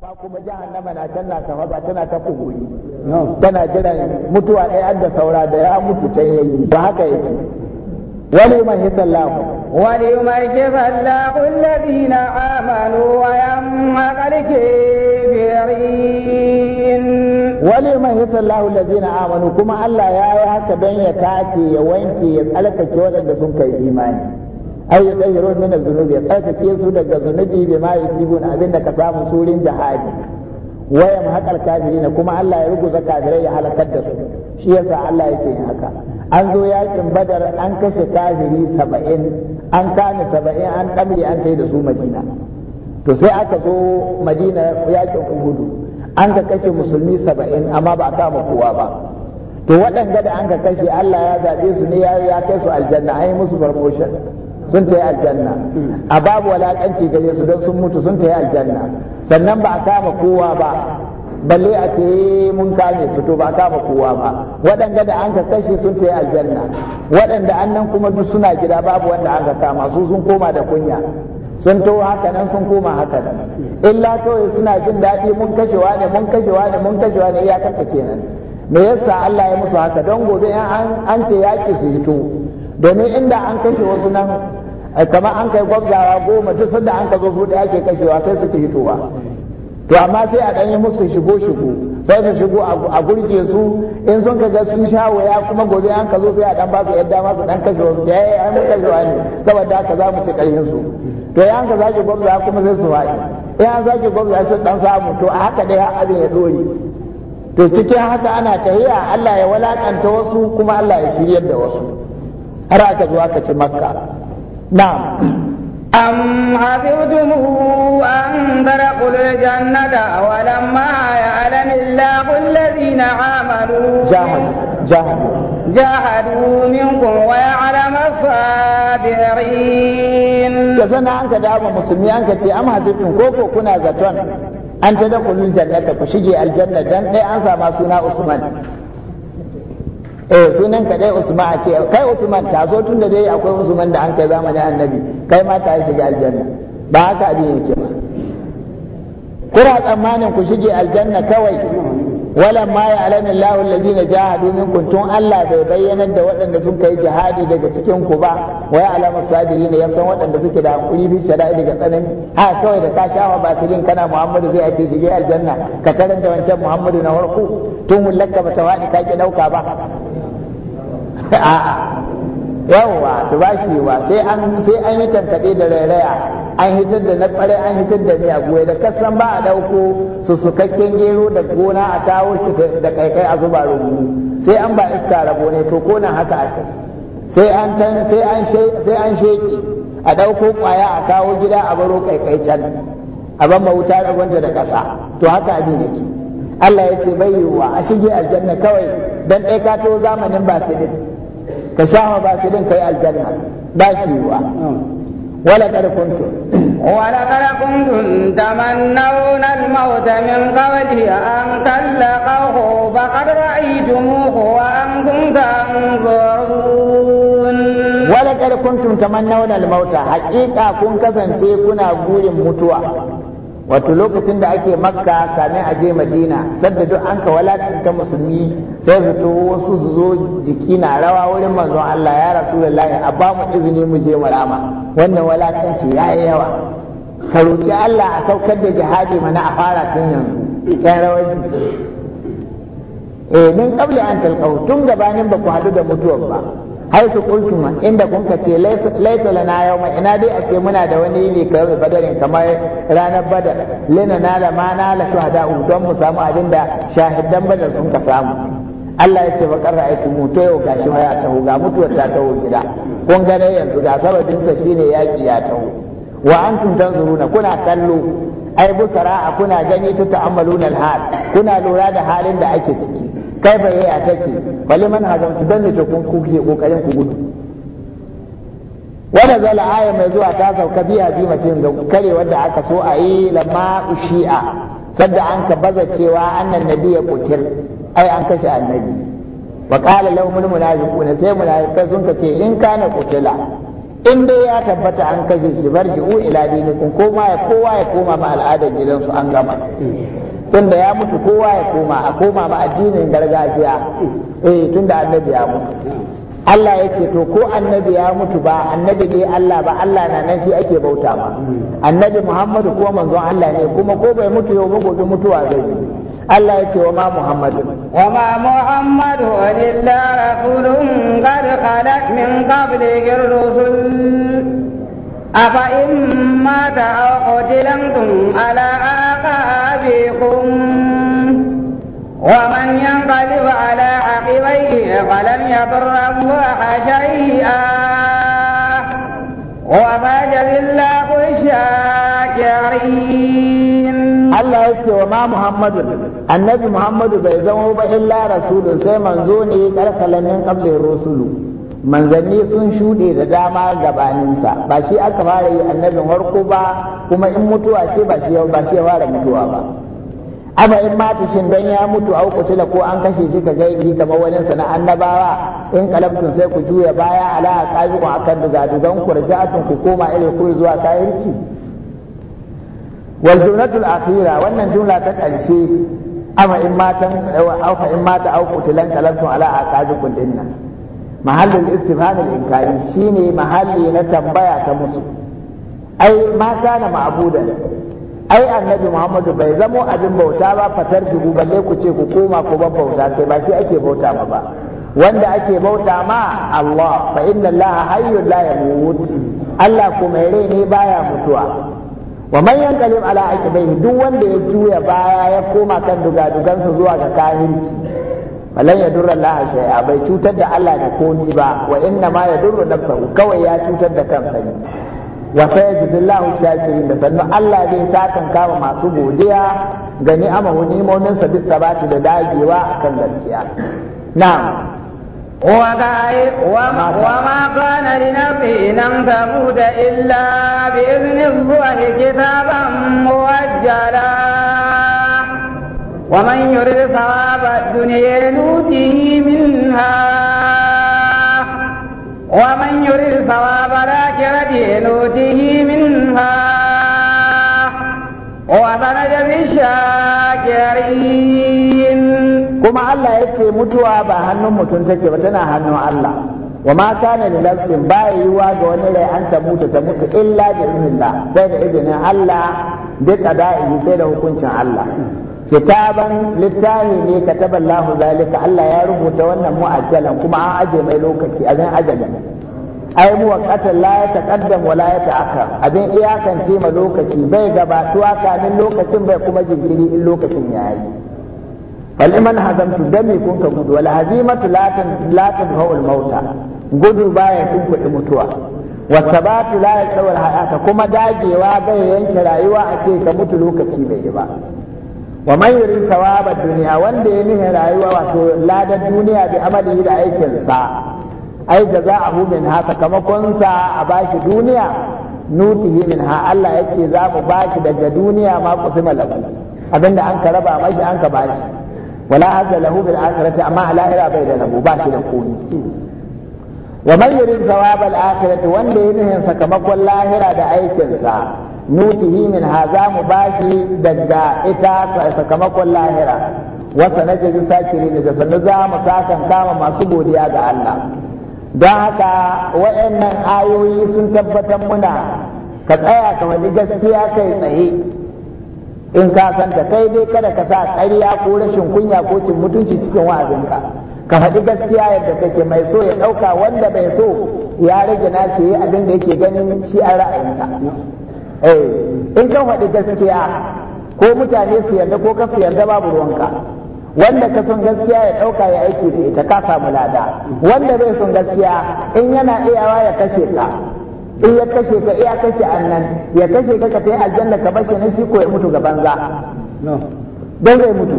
ba kuma jahannama na can na ba tana ta kuguri tana jiran mutuwa ɗaya an da saura da ya mutu ta yi. ba haka yake wani mai sallahu wani mai lafi na amanu wa yamma ƙarke birin wani mai lafi na amanu kuma Allah ya yi haka don ya tace ya wanke ya tsalkake waɗanda sun kai imani ai ya tsaye ruwan mina zunubi ya tsarkake su daga zunubi bai ma yusibu abin da ka samu surin jihadi wayan haƙar kafiri na kuma Allah ya ruguza kafirai ya halakar da su shi yasa Allah ce yin haka an zo yakin badar an kashe kafiri saba'in an kame saba'in an ɗamre an kai da su madina to sai aka zo madina yakin uhudu an ka kashe musulmi saba'in amma ba a kama kowa ba to waɗanda da an ka kashe Allah ya zaɓe su ne ya kai su aljanna an yi musu promotion sun ta yi aljanna a babu walakanci gare su don sun mutu sun ta yi aljanna sannan ba a kama kowa ba balle a ce eh, mun kame su to ba a kama kowa ba waɗanda da an ka kashe sun ta yi aljanna waɗanda annan kuma duk suna gida babu wanda an ka kama su sun koma da kunya sun to haka nan sun koma haka nan illa kawai suna jin daɗi mun kashewa ne mun kashewa ne mun kashewa ne Ya kenan me yasa Allah ya musu haka don gobe an an ce yaƙi su hito domin inda an kashe wasu nan kamar an kai gwamzawa goma duk sanda an ka zo su da ake kashewa sai suke hitowa to amma sai a ɗanyi musu shigo shigo sai su shigo a gurje su in sun kaga sun sha waya kuma gobe an ka zo sai a ɗan ba su yadda masu ɗan kashe wasu da eh, yayi an kashewa ne saboda haka za mu ci ƙarfin su to ya ka zaki gwamzawa kuma sai su faɗi in an zaki gwamzawa sai ɗan samu to a haka dai abin ya ɗore to cikin haka ana tahiya Allah ya walakanta wasu kuma Allah ya shiryar da wasu har aka zo aka ci makka نعم أم حسبتم أن تدخلوا الجنة ولما يعلم الله الذين آمنوا جاهدوا جاهدوا جاهدوا منكم ويعلم الصابرين كسنا أنك دعوة مسلمي أنك تي أم حسبتم كوكو كنا زتون أن تدخلوا الجنة كشجي الجنة دن أنسى ما سنا عثمان eh sunan ka dai Usman a ce kai Usman ta so tunda dai akwai Usman da an kai zamanin Annabi kai ma ta shiga aljanna ba haka abin yake ba Kura tsammanin ku shige aljanna kawai walan ma ya alamin lahu alladhina jahadu minkum tun Allah bai bayyanar da waɗanda sun kai jihadi daga cikin ku ba wa ya alamu sabirin ya san waɗanda suke da hakuri bi shari'a daga tsanani ha kawai da ka wa basilin kana Muhammadu zai ce shige aljanna ka da wancan Muhammadu na warku tun ka bata wani ka ki dauka ba a'a yawwa to ba shi wa sai an sai an yi tankade da rairaya an hitar da na kware an hitar da goye da kasan ba a dauko su su kakken gero da gona a tawo shi da kaikai a zuba rubu sai an ba iska rabo ne to ko nan haka akai sai an tan sai an sai an sheki a dauko kwaya a kawo gida a baro kaikai can a ban wuta rabonta da kasa to haka abin yake Allah ya ce bai yiwuwa a shige aljanna kawai dan ɗaya ka to zamanin ba su ka sha ba su din kai aljanna ba shi wa wala kad kuntum wala kad kuntum tamannawna al-maut min qabli an talaqahu fa qad ra'aytumuhu wa antum tanzurun wala kad kuntum tamannawna al-maut haqiqa kun kasance kuna gurin mutuwa wato lokacin da ake makka kamin a je madina sadda duk an ka walakanta musulmi sai su to wasu su zo jiki na rawa wurin manzon Allah ya rasulullahi a ba mu izini mu je marama wannan walakanci ya yi yawa ka roki Allah a saukar da jihadi mana a fara tun yanzu ɗan rawar jiki eh min qabla an talqaw tun gabanin ba ku haɗu da mutuwa ba haisu kultuma, inda kun ka ce laita lana yau ina dai a ce muna da wani ne ka yau badarin kamar ranar badar lina na da ma na la shuhada'u don mu samu abin da shahidan badar sun ka samu Allah ya ce ba karra aitu mu to yau ga shi ya taho ga mutuwar ta taho gida kun gane yanzu ga sababin sa shine yaki ya taho wa an antum tanzuruna kuna kallo ai busara kuna gani ta ta'ammaluna al-hal kuna lura da halin da ake ciki kai ba yaya take bali man hazamtu dan ne kun ku kokarin ku gudu wanda zala aya mai zuwa ta sauka biya bi mutum ga kare wanda aka so a yi lamma ushi'a sadda an ka baza cewa annan nabi ya kutil ai an kashe annabi wa qala lahumul munafiquna sai munafiqai sun ce in kana kutila in dai ya tabbata an kashe shi u ila dinikum ko ma ya kowa ya koma ma al'adar gidansu an gama tunda ya mutu kowa ya koma a koma ba addinin gargajiya eh tunda annabi ya mutu Allah ya ce to ko annabi ya mutu ba annabi ne Allah ba Allah na nan shi ake bauta ba. annabi Muhammadu ko manzon Allah ne kuma ko bai mutu yau ba gobe mutuwa zai yi Allah ya ce wa ma Muhammadu wa ma Muhammadu illa rasulun qad khalaq min qablihi rusul أفإن مات أو قتلتم على أعقابكم ومن ينقلب على عقبيه فلن يضر الله شيئا وفجر الله الشاكرين Allah ya ce wa ma Muhammadu annabi Muhammadu bai zama ba illa rasulun sai manzo ne karkalamin kablin rasulu manzanni sun shuɗe da dama gabaninsa ba shi aka fara yi annabin warko ba kuma in mutuwa ce ba shi ba shi fara mutuwa ba amma in mata shin dan ya mutu au tila ko an kashe shi ka yi kamar wani na annabawa in kalabtun sai ku juya baya ala aqabiku akan daga dugan ku raja'atun ku koma ilai ku zuwa kayirci wal jumlatul akhira wannan jumla ta karshe amma in mata au in mata au tilan kalabtun ala dinnan mahallin istifhamil inkari shine mahalli na tambaya ta musu ai ma kana ma'budan ai annabi muhammadu bai zamo abin bauta ba fatar dubu balle ku ce ku koma ku bauta kai ba shi ake bauta ma ba wanda ake bauta ma Allah fa inna Allah hayyun la rai ne baya mutuwa wa man yanqalib ala aqibihi duk wanda ya juya baya ya koma kan dugadugansa zuwa ga kahirci falan ya durra Allah shay'a bai cutar da Allah da komi ba wa inna ma ya durra nafsahu kawai ya cutar da kansa ne wa sayajidillahu shakirin da sannan Allah zai sakan kama masu godiya Gani amahu nimomin sa duk sabati da dagewa akan gaskiya na'am وما كان لنفس أن تموت إلا بإذن الله كتابا مؤجلا ومن يرد ثواب الدنيا نوته منها ومن يرد ثواب الآخرة نوته Allah وسنجزي الشاكرين كما الله يتي متوا بهنم متنتكي وتنا هنم الله wa ma kana li nafsin ba yiwa ga wani rai an ta mutu ta mutu illa bi idnillah sai da izinin Allah bi qada'i sai da hukuncin Allah kitaban littahi ne kataba Allah zalika Allah ya rubuta wannan mu'ajjalan kuma an aje mai lokaci abin ajalin ai muwaqqatan la yataqaddam wa la abin iyakance ma lokaci bai gabatuwa kamin lokacin bai kuma jinkiri in lokacin yayi wal iman hazamtu dami kun ka gudu wal hazimatu la tan la tan mauta gudu baya tun kuɗi mutuwa wasabatu la yatawal hayata kuma dagewa bai yanke rayuwa a ce ka mutu lokaci bai yi ba wa man yurid sawaba duniya wanda ya nihin rayuwa wato ladar duniya bi amali da aikinsa. sa ai jaza'ahu min ha sakamakon sa a bashi duniya nutihi min ha Allah yake za mu bashi daga duniya ma kusima lahu abinda an ka raba an ka bashi wala hadda lahu bil akhirati amma lahira bai da rabu bashi da komi wa man yurid sawaba al akhirati wanda ya nihin sakamakon lahira da aikinsa. sa nutihi min haza mu bashi daga ita sakamakon lahira wasa na ji sakiri da sannu za mu sakan kama masu godiya ga Allah don haka waɗannan ayoyi sun tabbatar muna ka tsaya ka wani gaskiya kai tsaye in ka san ta kai dai kada ka sa ƙarya ko rashin kunya ko cin mutunci cikin wa'azinka ka faɗi gaskiya yadda kake mai so ya ɗauka wanda bai so ya rage nashi abin da yake ganin shi a ra'ayinsa Eh, in ka faɗi gaskiya ko mutane su yarda ko ka su yarda babu ruwanka wanda ka son gaskiya ya ɗauka ya aiki da ita ka samu lada wanda bai son gaskiya in yana iyawa ya kashe ka in ya kashe ka iya kashe annan ya kashe ka ka tafi aljanna ka bashi ne shi ko ya mutu ga banza don zai mutu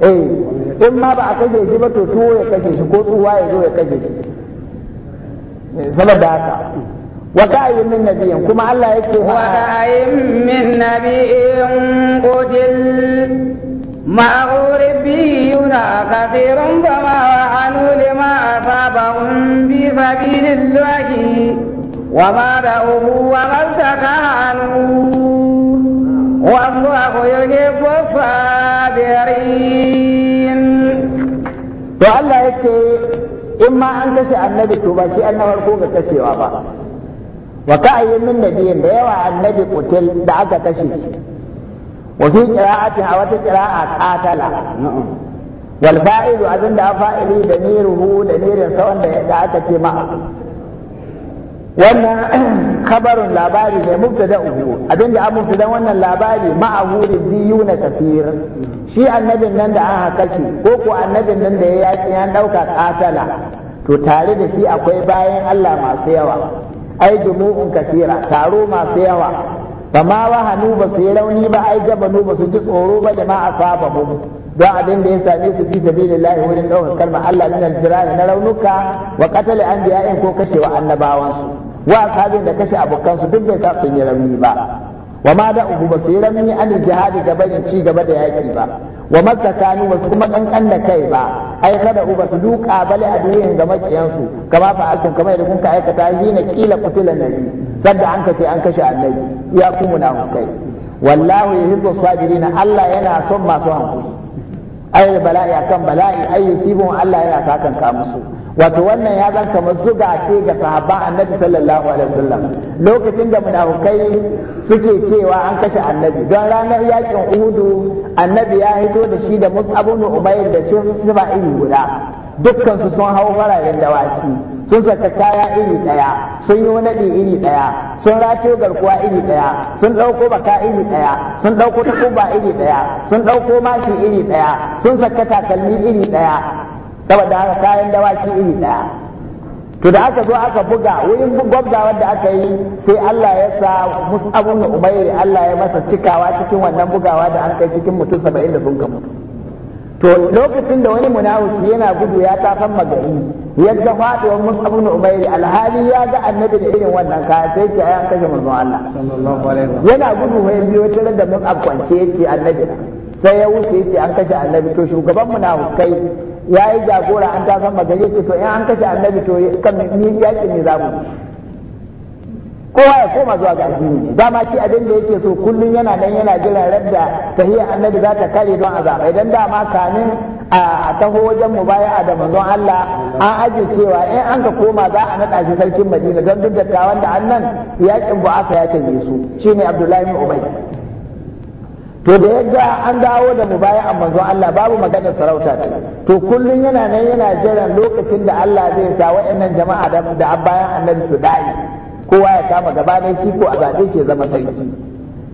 eh, in ma ba a kashe shi ba to tuwo ya kashe shi ko tsuwa ya zo ya kashe shi eh, saboda haka وكأي من نبي كما الله يكتب وكأي من نبي قتل معه ربيون كثير فما وعنوا لما أصابهم في سبيل الله وما دعوه وما استكانوا والله يجب الصابرين to Allah ya ce in ma an kashe annabi to ba shi annabar ko wa ka'ayyin min nabiyin da yawa annabi kutil da aka kashe wa fi qira'atin a wata qira'a qatala wal fa'ilu abinda fa'ili da niruhu da nirin sa wanda aka ce ma wannan kabarin labari da mubtada uhu da an mubtada wannan labari ma'ahu biyu na kasir shi annabin nan da aka kashe ko ko annabin nan da ya yaki ya dauka qatala to tare da shi akwai bayan Allah masu yawa ai jumu'un kasira taro masu yawa ba ma wahanu ba su yi rauni ba ai jabanu ba su ji tsoro ba da ma asaba mu don abin da ya same su fi sabilillahi wurin ɗaukar kalma Allah min aljirani na raunuka wa qatala in ko kashewa annabawansu wa asabin da kashe abokansu duk bai sa sun yi rauni ba wa ma da ugu ba su yi rami an jihadi ga barin ci gaba da yaki ba wa tsakanin ba su kuma kankan da kai ba ai kada uba su duka bale a duniyar ga makiyansu kama fa alkum kama da kun aikata yi na kila kutula nabi sanda an kace an kashe annabi ya ku kai? wallahu yuhibbu sabirin Allah yana son masu hankali ai bala'i akan bala'i ai yusibun Allah yana sakan ka musu wato wannan ya zan kamar zuga ce ga sahaba annabi sallallahu alaihi wasallam lokacin da munafukai suke cewa an kashe annabi don ranar yakin uhudu annabi ya hito da shi da mus'abun umayr da shi sifa iri guda dukkan su sun hau fararen dawaki sun saka kaya iri daya sun yi naɗi iri daya sun rato garkuwa iri daya sun ɗauko baka iri daya sun ɗauko takuba iri daya sun ɗauko mashi iri daya sun saka takalmi iri daya saboda haka kayan dawaki iri ɗaya to da aka zo aka buga wurin gwabzawar da aka yi sai Allah ya sa mus'abu ibn Allah ya masa cikawa cikin wannan bugawa da an kai cikin mutum 70 da sun ka to lokacin da wani munafiki yana gudu ya san magari ya ga faduwar mus'abu ibn umair alhali ya ga annabi da irin wannan kaya sai ce ayan kashe manzon Allah yana gudu mai biyo tare da mus'ab kwance yace annabi sai ya wuce yace an kashe annabi to shugaban munafikai ya yi jagora an ta san magana ce to in an kashe annabi to kan ni yaki ne zamu kowa ya koma zuwa ga addini dama shi abin da yake so kullum yana nan yana jira radda tahiyar annabi za ta kare don azaba idan dama kamin a taho wajen mu baya da manzon Allah an aje cewa in an ka koma za a naɗa shi sarkin Madina don duk dattawan da annan yakin bu'asa ya canje su shine Abdullahi bin Ubay to da yadda an dawo da mu bayan manzon Allah babu maganar sarauta to kullum yana nan yana jiran lokacin da Allah zai sa wa'annan jama'a da da bayan annabi su dai kowa ya kama gaba da shi ko a zaɓe ya zama sarki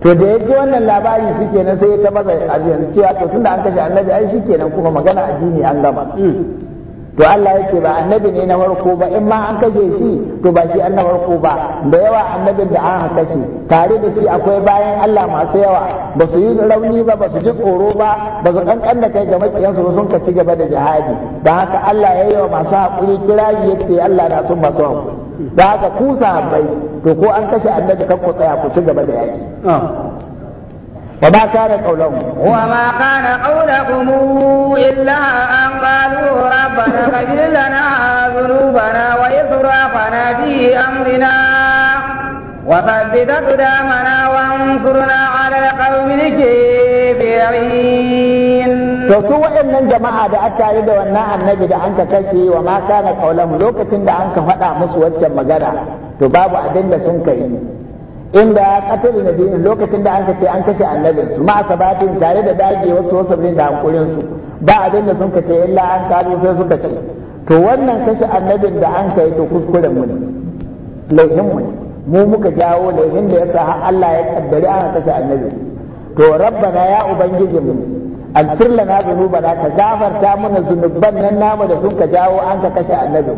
to da ya wannan labari shi kenan sai ya ta maza a cewa to tunda an kashe annabi ai shi kenan kuma magana addini an gama mm. to Allah ya ce ba annabi ne na farko ba in ma an kashe shi to ba shi an farko ba da yawa annabin da an kashe tare da shi akwai bayan Allah masu yawa ba su yi rauni ba ba su ji tsoro ba ba su kankan da kai ga makiyan ba sun ka ci gaba da jihadi da haka Allah ya yi wa masu kira kiraji ya ce Allah na sun masu haƙuri da haka ku sahabbai to ko an kashe annabi kan ku tsaya ku ci gaba da yaki. Ah. وما كان قولهم وما كان قولهم إلا أن قالوا ربنا اغفر لنا ذنوبنا وإسرافنا في أمرنا وثبت أقدامنا وانصرنا على القوم الكافرين to su waɗannan jama'a da aka yi da wannan annabi da an ka kashe wa ma kana kaulahu lokacin da an ka faɗa musu waccan magana to babu abin da sun kai. inda ya katar da dinin lokacin da an ce an kashe annabin su ma sabatin tare da dage wasu wasu da hankulin su ba abin da sun kace illa an kazo sai suka ce to wannan kashe annabin da an kai to kuskuren mu ne laihin mu ne mu muka jawo laihin da yasa har Allah ya kaddari an kashe annabi to rabbana ya ubangiji mu alfir lana zunubana ka gafarta mana zunuban nan namu da sun ka jawo an ka kashe annabi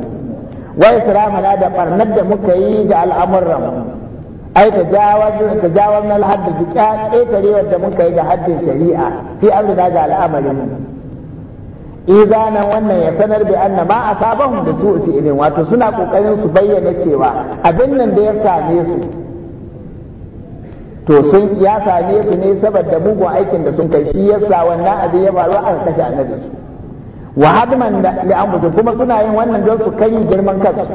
wa mana da barnar da muka yi da al'amuran mu ai tajawaz na al-hadd da ƙetarewar da muka yi ga haddin shari'a fi amrina ga al'amarin mu izanan wannan ya sanar bi anna ma asabahum da su fi ilin wato suna kokarin su bayyana cewa abin nan da ya same su to sun ya same su ne saboda mugun aikin da sun kai shi yasa wannan abin ya faru a kashe annabi su wa hadman da kuma suna yin wannan don su kai girman kansu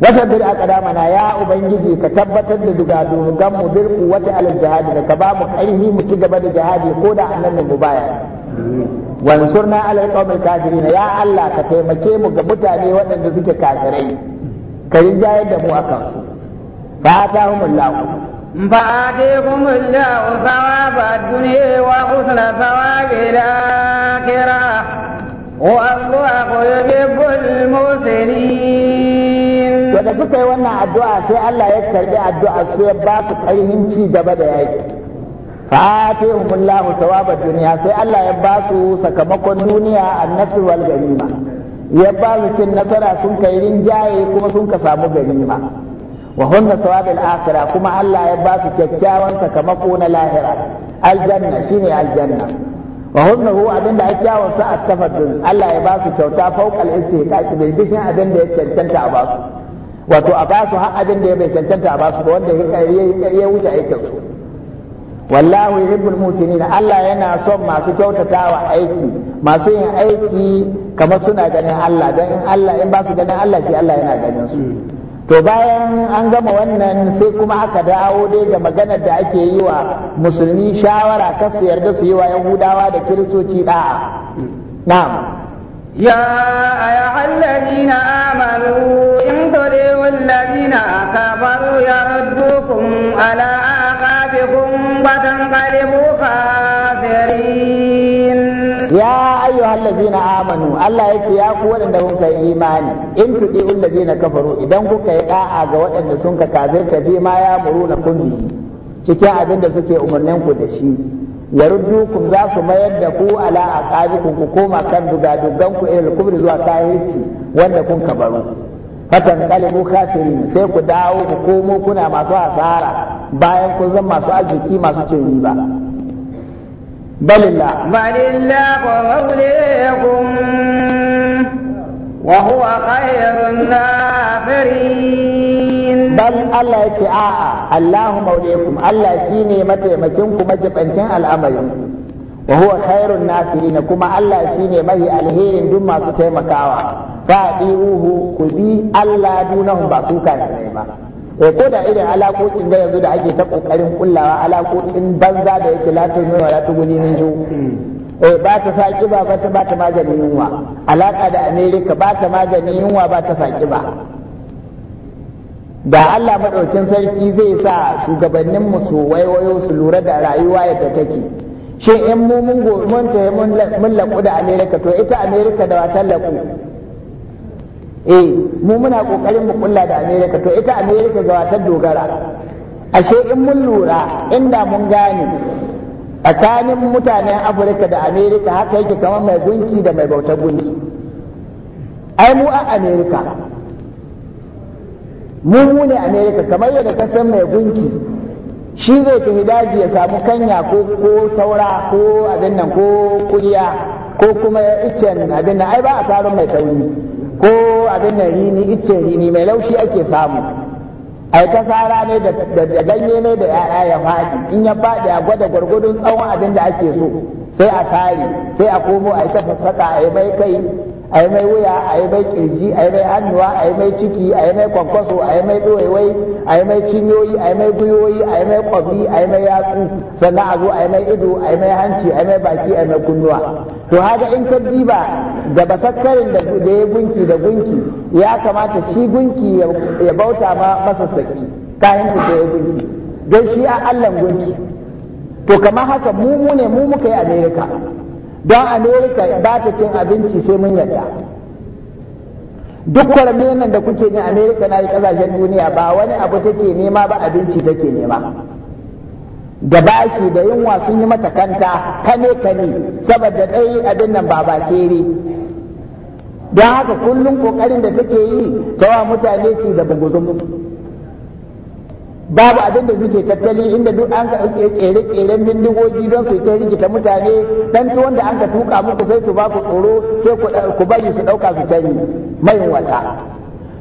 wasabbir aqdamana ya ubangiji ka tabbatar da dugadugan mu bil quwwati al jihad ka ba mu karhi mu ci gaba da jihadi ko da annabi mu baya wansurna ala alqawmil kafirin ya allah ka taimake mu ga mutane waɗanda suke kafirai ka yi jayar da mu akan su fa atahumullahu فآتيكم الله ثواب الدنيا وحسن ثواب الآخرة والله يحب المحسنين da suka yi wannan addu'a sai Allah ya karbi addu'a su ya ba su ƙarfin ci gaba da yaƙi fatihum Allahu sawaba duniya sai Allah ya ba su sakamakon duniya an wal ganima ya ba su cin nasara sun kai rinjaye kuma sun ka samu ganima wa hunna sawabil akhirah kuma Allah ya ba su kyakkyawan sakamako na lahira aljanna shine aljanna wa hunna hu abinda ake kyawun sa at Allah ya ba su kyauta fawqal istihqaq bai bishin abinda ya cancanta a basu wato a ba su har abin da ya bai cancanta a ba su wanda ya wuce aikin su wallahu yuhibbul musinin Allah yana son masu kyautata wa aiki masu yin aiki kamar suna ganin Allah dan in Allah in ba su ganin Allah shi Allah yana ganin su to bayan an gama wannan sai kuma aka dawo dai ga maganar da ake yi wa musulmi shawara kasu yarda su yi wa yahudawa da kiristoci da'a na'am يا أيها الذين آمنوا إن تطيعوا الذين كفروا يردوكم على أعقابكم فتنقلبوا خاسرين يا أيها الذين آمنوا الله يتي يا قوة إن كنت إيماني إن تطيعوا الذين كفروا إذا كنت يقع قوة إن سنك كافرت فيما يأمرونكم به cikin abin da suke umarninku da shi kun za su mayar da ku ala aqabikum ku koma kan dugadugan ku irin kubri zuwa kayayyaki wanda kun kabaru fatan kalibu khasirin sai ku dawo ku komo kuna masu hasara bayan kun zan masu arziki masu cin riba balilla balilla maulikum wa huwa na nasirin dan Allah ya ce a'a Allahu maulaykum Allah shine mataimakin ku majibancin al'amarin wa huwa khairun nasirin kuma Allah shine mahi alherin duk masu taimakawa fa'iruhu ku bi Allah dunahum ba su ka ne ba eh ko da irin alaƙoƙin da yanzu da ake ta ƙoƙarin kullawa alaƙoƙin banza da yake latin ta wala tuguni eh ba ta saki ba ba ta ba maganin yunwa alaƙa da Amerika ba ta maganin yunwa ba ta saki ba da Allah maɗaukin sarki zai sa shugabannin mu su waiwayo su lura da rayuwa yadda take shi in mu mun gomanta mun laƙu da Amerika to ita Amerika da wata laƙu eh mu muna kokarin mu kulla da Amerika to ita Amerika ga wata dogara ashe in mun lura inda mun gane tsakanin mutanen Afirka da Amerika haka yake kamar mai gunki da mai bautar gunki ai mu a Amerika mu ne america kamar yadda ka san mai gunki shi zai tafi daji ya samu kanya ko ko taura ko abin nan ko kuriya ko kuma iccen abin nan ai ba a sarin mai tauri ko abin nan rini iccen rini mai laushi ake samu ai ka sara ne da ganye ne da ya'ya ya faɗi in ya faɗi a gwada gwargwadon tsawon abin da ake so sai a sare sai a komo a ita sassaka a yi bai kai a yi mai wuya a yi mai kirji a yi mai hannuwa a yi mai ciki a yi mai kwankwaso a yi mai ɗoyewai a yi mai cinyoyi a yi mai gwiwoyi a yi mai kwabi a yi mai yatsu sannan a zo a yi mai ido a yi mai hanci a yi mai baki a yi mai kunnuwa to haka in ka diba da basakkarin da ya gunki da gunki ya kamata shi gunki ya bauta ma masa saki kayan ku ya gunki don shi a allan gunki to kamar haka mu ne mu muka yi amerika don amerika ba ta cin abinci sai mun yarda duk kwarme nan da kuke yin amerika na yi kasashen duniya ba wani abu take nema ba abinci take nema da bashi da yunwa sun yi mata kanta kane kane saboda ɗai abin nan ba bakere don haka kullum ƙoƙarin da take yi ta mutane ci da buguzun babu abin da suke tattali inda duk an ka kere keren bindigogi don su ta rikita mutane dan tuwon da an ka tuka muku sai ku ba ku tsoro sai ku bari su ɗauka su canyi mai wata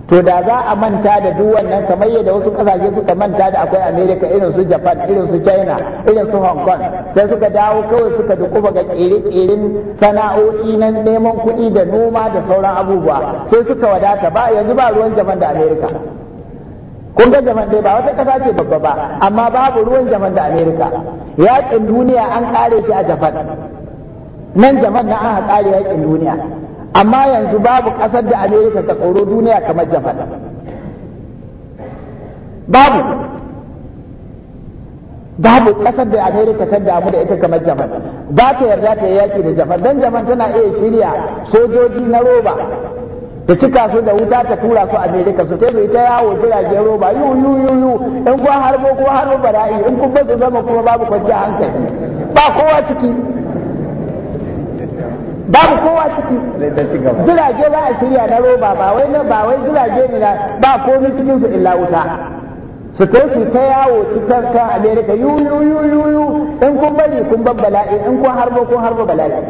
to da za a manta da duk wannan kamar yadda wasu kasashe suka manta da akwai america irin su japan irin su china irin su hong kong sai suka dawo kawai suka dukufa ga kere-keren sana'o'i na neman kuɗi da noma da sauran abubuwa sai suka wadata ba yanzu ba ruwan jaman da america kun ga jaman dai ba wata kasa ce babba ba amma babu ruwan jaman da amerika yakin duniya an kare shi a japan nan jaman na aka kare yakin duniya amma yanzu babu kasar da amerika ta tsoro duniya kamar japan babu babu kasar da amerika ta damu da ita kamar japan ba ta yarda ta yi yaki da japan Dan japan tana iya shirya sojoji na roba ta cika su da wuta ta tura su a amerika su ta ta yawo jiragen roba yu yu yu yu in kuwa harbo kuma harbo bara'i in kun su zama kuma babu kwanciyar hankali ba kowa ciki babu kowa ciki jirage ba a shirya na roba ba wai na ba wai jirage ne na ba komai cikin su illa wuta su ta su ta yawo cikin kan amerika yu yu yu yu yu in kun bari kun babbala'i in kun harbo kun harbo bala'i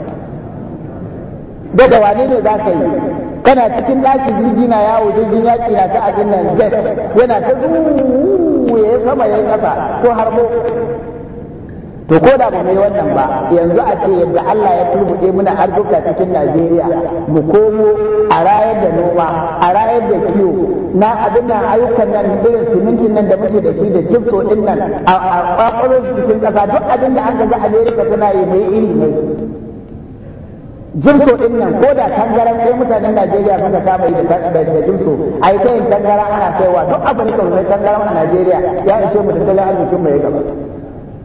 da wane ne za ka yi kana cikin ɗakin jirgi na yawo jirgin yaƙi na ta abin nan jet yana ta ya sama ya ƙasa ko harbo to ko da ba mu yi wannan ba yanzu a ce yadda Allah ya turbuɗe muna arzuka cikin Najeriya mu komo a rayar da noma a rayar da kiwo na abin nan ayyukan nan irin simintin nan da muke da shi da jibso din nan a kwakwalon cikin ƙasa duk abin da an ga Amerika suna yi mai iri ne jimso din nan ko da tangaran ɗaya mutanen Najeriya suka kama yi da jimso a yi kayan tangaran ana kaiwa duk abin da zai tangaran a Najeriya ya ishe mu da tattalin arzikin mai gaba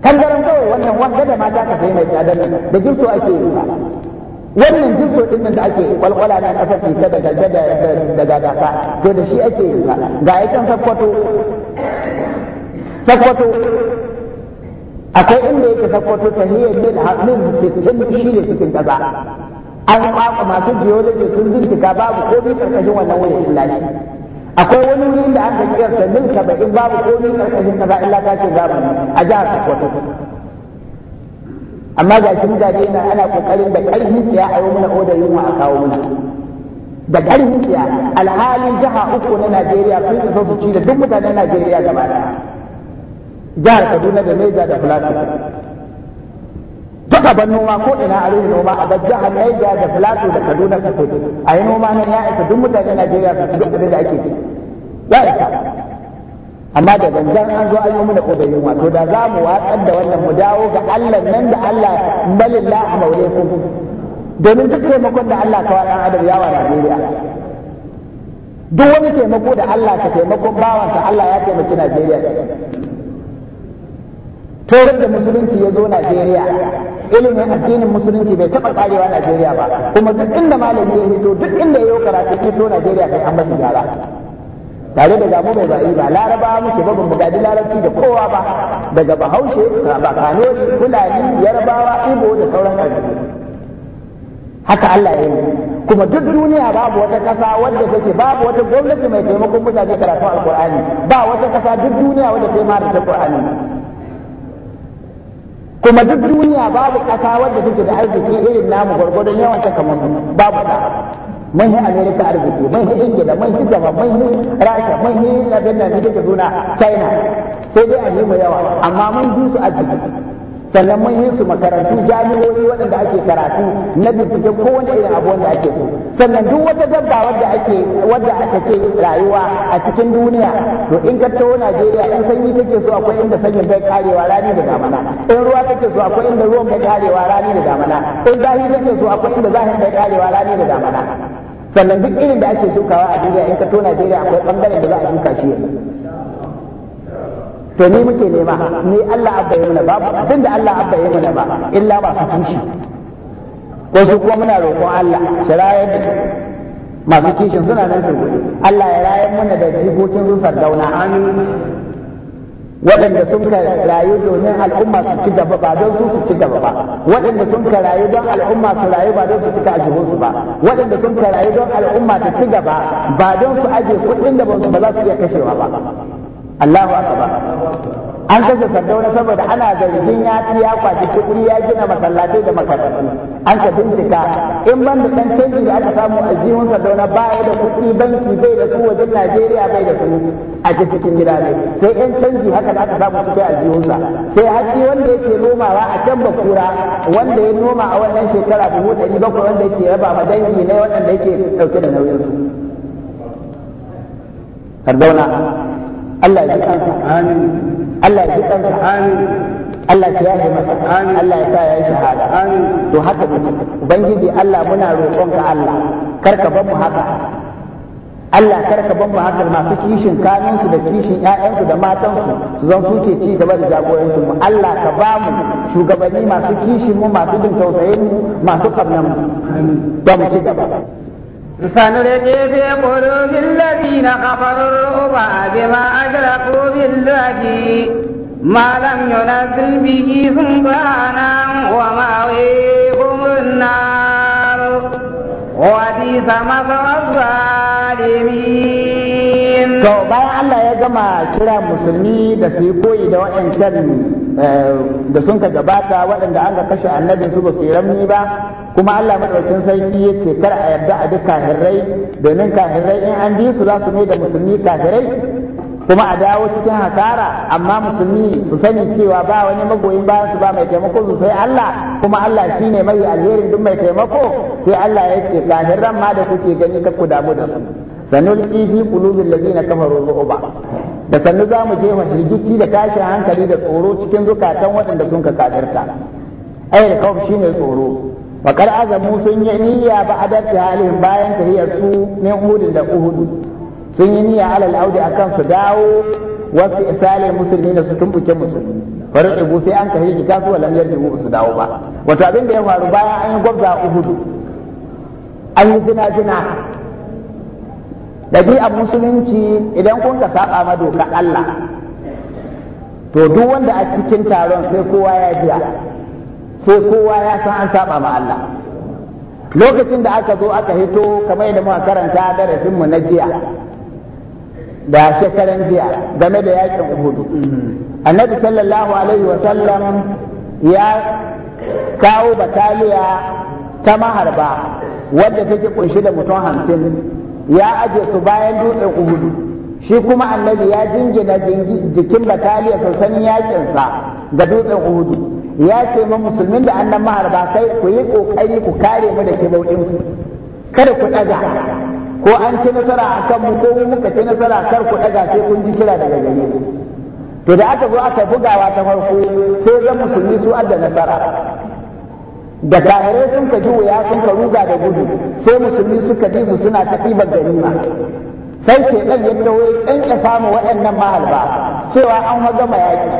tangaran kawai wannan wanda da mata ka sai mai tsadar da jimso ake yi sa wannan jimso din nan da ake kwalkwala na kasar fita daga daga daga daga to da shi ake yi sa ga ya can sakwato sakwato akwai inda yake sakwato ta hiyar min 60 shi ne cikin kaza. an kwakwa masu geology sun bincika babu komai karkashin wannan wuri illa shi akwai wani wuri da aka kiyar sannin saba'in babu komai karkashin kaza illa ta ce a jihar sokoto amma ga shi mutane na ana kokarin da karfi tsiya a yi mana odar yunwa a kawo mana da karfi tsiya alhali jiha uku na najeriya sun isa su ci da duk mutanen najeriya gaba daya jihar kaduna da neja da plateau duka noma ko ina a rufe noma a bar jihar Niger da Filato da Kaduna su ce a yi noma nan ya isa duk mutane Najeriya su duk abin da ake ci ya isa amma da gangan an zo an yi mana kodayin wato da za mu watsar da wannan mu dawo ga Allah nan da Allah la'a maure ku domin duk taimakon da Allah kawai dan adam yawa Najeriya duk wani taimako da Allah ka taimakon bawansa Allah ya taimaki Najeriya tun da musulunci ya zo Najeriya ilimin addinin musulunci bai taɓa karewa Najeriya ba kuma duk inda malami ya hito duk inda ya yi karatu hito Najeriya sai an masa gyara tare da gamu bai ba'i ba laraba muke ba mu gadi larabci da kowa ba daga bahaushe ba kanori fulani yarbawa ibo da sauran kabilu haka Allah ya yi kuma duk duniya babu wata kasa wadda take babu wata gwamnati mai taimakon mutane karatu alqur'ani ba wata kasa duk duniya wadda ta yi ma da ta qur'ani kuma duk duniya babu ƙasa wadda take da arziki irin namu gwargwadon yawan ta kamar babu da mun yi amerika arziki mun yi ingila mun yi jama mun yi rasha mun yi abin da take suna china sai dai a mu yawa amma mun dusu su arziki sannan mun yi su makarantu jami'o'i waɗanda ake karatu na bincike ko wani irin abu wanda ake so sannan duk wata dabba wadda ake wadda aka ke rayuwa a cikin duniya to in ka taho Najeriya in sanyi take so akwai inda sanyin bai karewa rani da damana in ruwa take so akwai inda ruwan bai karewa rani da damana in zahi take so akwai inda zahin bai karewa rani da damana sannan duk irin da ake shukawa a duniya in ka taho Najeriya akwai bangaren da za a shuka shi to ni muke nema ni Allah abba ya mana babu abinda Allah abba ya mana ba illa ba su kishi ko su kuma muna roƙon Allah shi rayar da masu kishin suna nan da Allah ya rayar mana da jibokin su sardauna amin waɗanda sun ka rayu domin al'umma su ci gaba ba don su ci gaba ba waɗanda sun ka rayu don al'umma su rayu ba don su cika ajihunsu ba waɗanda sun ka rayu don al'umma ta ci gaba ba don su aje kuɗin da ba su ba za su iya kashewa ba Allahu akbar an kashe sardauna saboda ana zargin ya fi ya kwaci kuɗi ya gina masallatai da makarantu an ka bincika in ban da dan canji da aka samu a jihun sardauna ba ya da kuɗi banki bai da su wajen Najeriya bai da su a cikin gida ne sai yan canji haka da aka samu cikin aljihunsa sai haƙi wanda yake nomawa a can bakura wanda ya noma a wannan shekara dubu ɗari bakwai wanda yake raba ma dangi ne waɗanda yake ɗauke da nauyinsu sardauna Allah ya ji kansa amin Allah ya ji kansa amin Allah ya yi masa amin Allah ya sa ya yi shahada amin to haka ne ubangiji Allah muna roƙonka Allah kar ka bar mu haka Allah kar ka bar mu haka masu kishin su, da kishin ƴaƴansu da matansu su zan suke ci gaba da jagorancin mu Allah ka ba mu shugabanni masu kishin mu masu jin tausayin mu masu kabnan mu don mu ci gaba سنرقي في قلوب الذين كفروا الرعب بما أشركوا بالله ما لم ينزل به سلطانا ومأويهم النار وبئس مثوى الظالمين to bayan Allah ya gama kira musulmi da su yi koyi da wa'ancan eh, da sun ka gabata waɗanda an ga kashe annabin su ba su yi ramni ba kuma Allah maɗaukin sarki ya ce kar a yarda a duk kafirai domin kafirai in an bi su za su mai da musulmi kafirai kuma a dawo cikin hasara amma musulmi su sani cewa ba wani magoyin bayan su ba mai taimako su sai Allah kuma Allah shine mai alherin duk mai taimako sai Allah ya ce kahirran ma da kuke gani kar ku damu da su sanulki fi qulubil ladina kafaru ru'ba da sannu za mu jefa hirgici da tashin hankali da tsoro cikin zukatan waɗanda sun ka kafirta ai kawf shine tsoro wa kar azamu sun yi niyya ba adabta halin bayan tahiyar su ne uhudin da uhudu sun yi niyya alal audi akan su dawo wasu isali musulmi da su tumbuke musulmi farin sai an kahiri ita su walam yarjibu su dawo ba wato abin da ya faru bayan an yi gwabza uhudu an yi jina jina ɗabi'ar musulunci idan kun ka saba ma doka Allah to duk wanda a cikin taron sai kowa ya jiya sai kowa ya san an saba ma Allah lokacin da aka zo aka hito kamar yadda muka karanta darasin mu na jiya da shekaran jiya game da yakin Uhudu annabi sallallahu alaihi wa sallam ya kawo bataliya ta maharba wadda take kunshi da mutum hamsin ya aje su bayan dutsen uhudu shi kuma annabi ya jingina jikin bataliya sani yakinsa ga dutsen uhudu ya ce ma musulmin da annan maharba kai ku yi kokari ku kare mu da kibauɗin ku kada ku ɗaga ko an ci nasara a kan mu ko mu muka ci nasara kar ku ɗaga sai kun ji kira daga gare to da aka zo aka bugawa ta farko sai zan musulmi su adda nasara da kahirai sun ka ji wuya sun ka ruga da gudu sai musulmi suka ji su suna ta ɗibar ganima sai yadda ya tawo ya samu waɗannan mahalba cewa an haga mayaƙi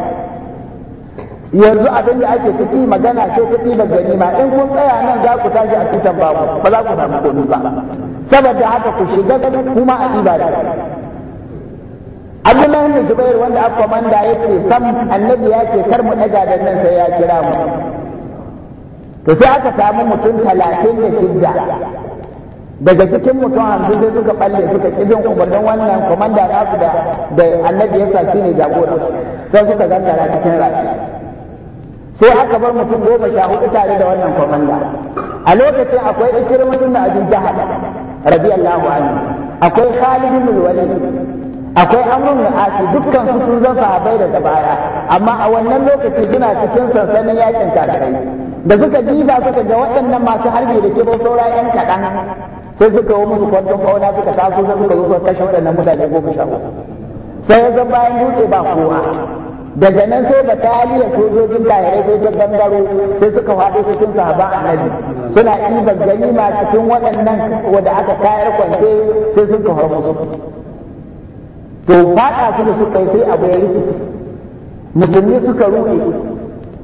yanzu abin da ake ciki magana sai ta ɗibar ganima in kun tsaya nan za ku tashi a tutan babu ba za ku samu komi ba saboda haka ku shiga kuma a ɗiba da Abdullahi bin Zubair wanda aka manda yake san annabi ya ce kar mu ɗaga da nan sai ya kira mu to sai aka samu mutum talatin da shida daga cikin mutum hamsin sai suka balle suka kijin umarnin wannan kwamanda nasu da da annabi ya sa shine jagora sai suka gangara cikin rafi sai aka bar mutum goma sha hudu tare da wannan kwamanda a lokacin akwai ikirmatun da abin jihar, radiyallahu anhu akwai khalid bin walid akwai amrun da aki dukkan su sun zan sahabai daga baya amma a wannan lokaci suna cikin sansanin yakin kafirai da suka jiba suka ga waɗannan masu harbi da kibo saura yan kaɗan sai suka yi musu kwanton fauna suka taso sai suka zo suka kashe waɗannan mutane goma sha uku sai ya bayan dutse ba kowa daga nan sai bataliya sojojin tahirai sai ta gangaro sai suka faɗi cikin sahaba annabi suna ɗiban ganima cikin waɗannan wanda aka kayar kwance sai suka harbu musu. to fada su da suka yi sai abu ya rikici musulmi suka ruɗe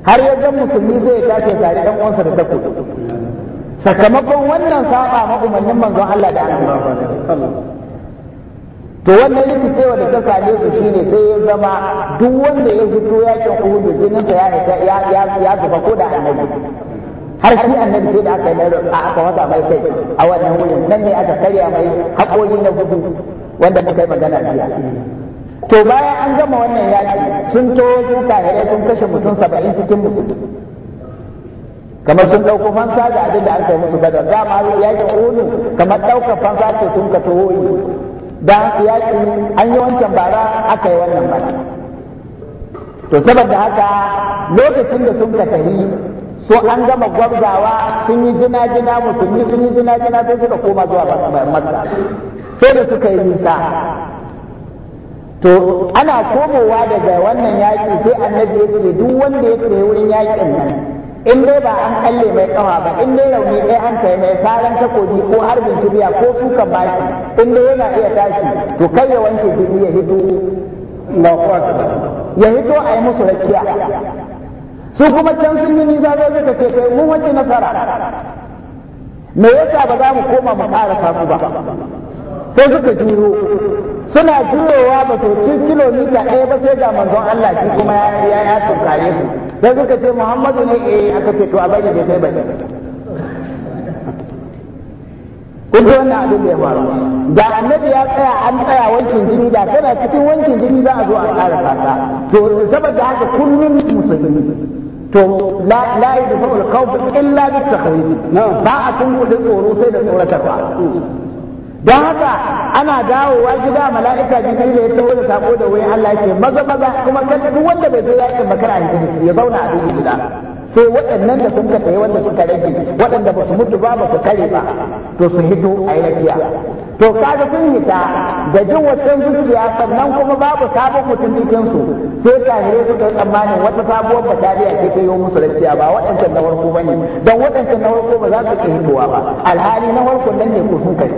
har ya ga musulmi zai tashi tare ɗan uwansa da tako sakamakon wannan saba ma umarnin manzon Allah da Allah to wannan rikicewa da ta same su shine sai ya zama duk wanda ya fito yakin Uhud jininsa ya ya ya zuba ko da annabi har shi annabi sai da aka yi aka wata mai kai a wannan wurin nan ne aka karya mai haƙoƙi na gudu wanda muka yi magana jiya to bayan an gama wannan yaƙi sun to sun tare sun kashe mutum saba'in cikin musu kamar sun ɗauko fansa da abin da aka yi musu badar dama yaƙin uhud kamar ɗaukar fansa ce sun ka tohoyi dan an yi wancan bara aka yi wannan bara to saboda haka lokacin da sun ka tahi so an gama gwabzawa sun yi jina jina musulmi sun yi jina jina sai suka koma zuwa makka sai da suka yi nisa to ana komowa daga wannan yaƙi sai annabi ya ce duk wanda ya tsaye wurin yaƙin nan in dai ba an kalle mai kawa ba in dai rauni ɗaya an kai mai saran takobi ko harbin tubiya ko suka bashi in dai yana iya tashi to kai ya wanke jini ya hito ya hito a yi musu rakiya su kuma can sun yi nisa zai ka ce kai mun wace nasara me yasa ba za mu koma mu ƙarasa su ba sai suka juro suna jurowa ba su ci kilomita ɗaya ba sai ga manzon Allah shi kuma ya ya sunkare su sai suka ce Muhammadu ne eh aka ce to a bari bai sai bari kun ji wannan abin da ya faru da annabi ya tsaya an tsaya wancin jini da kana cikin wancin jini za a zo a ƙara sata to saboda haka kullum musulmi to la la yadfa al khawf illa takhwif ba a tunkuɗe tsoro sai da ba don haka ana dawowa gida mala'ika jibril ya taho da sako da wai Allah ya ce maza maza kuma kan duk wanda bai zo yakin makara a ya zauna a duk gida sai waɗannan da sun kafa wanda suka rage waɗanda ba su mutu ba ba su kare ba to su hito a yi rafiya to kaga sun hita da jin wancan zuciya sannan kuma babu sabon mutum cikin su sai su suka tsammanin wata sabuwar bataliya ce ta yi musu rafiya ba waɗancan na farko ba ne don waɗancan na farko ba za su ke hitowa ba alhali na farko nan ne ko sun kai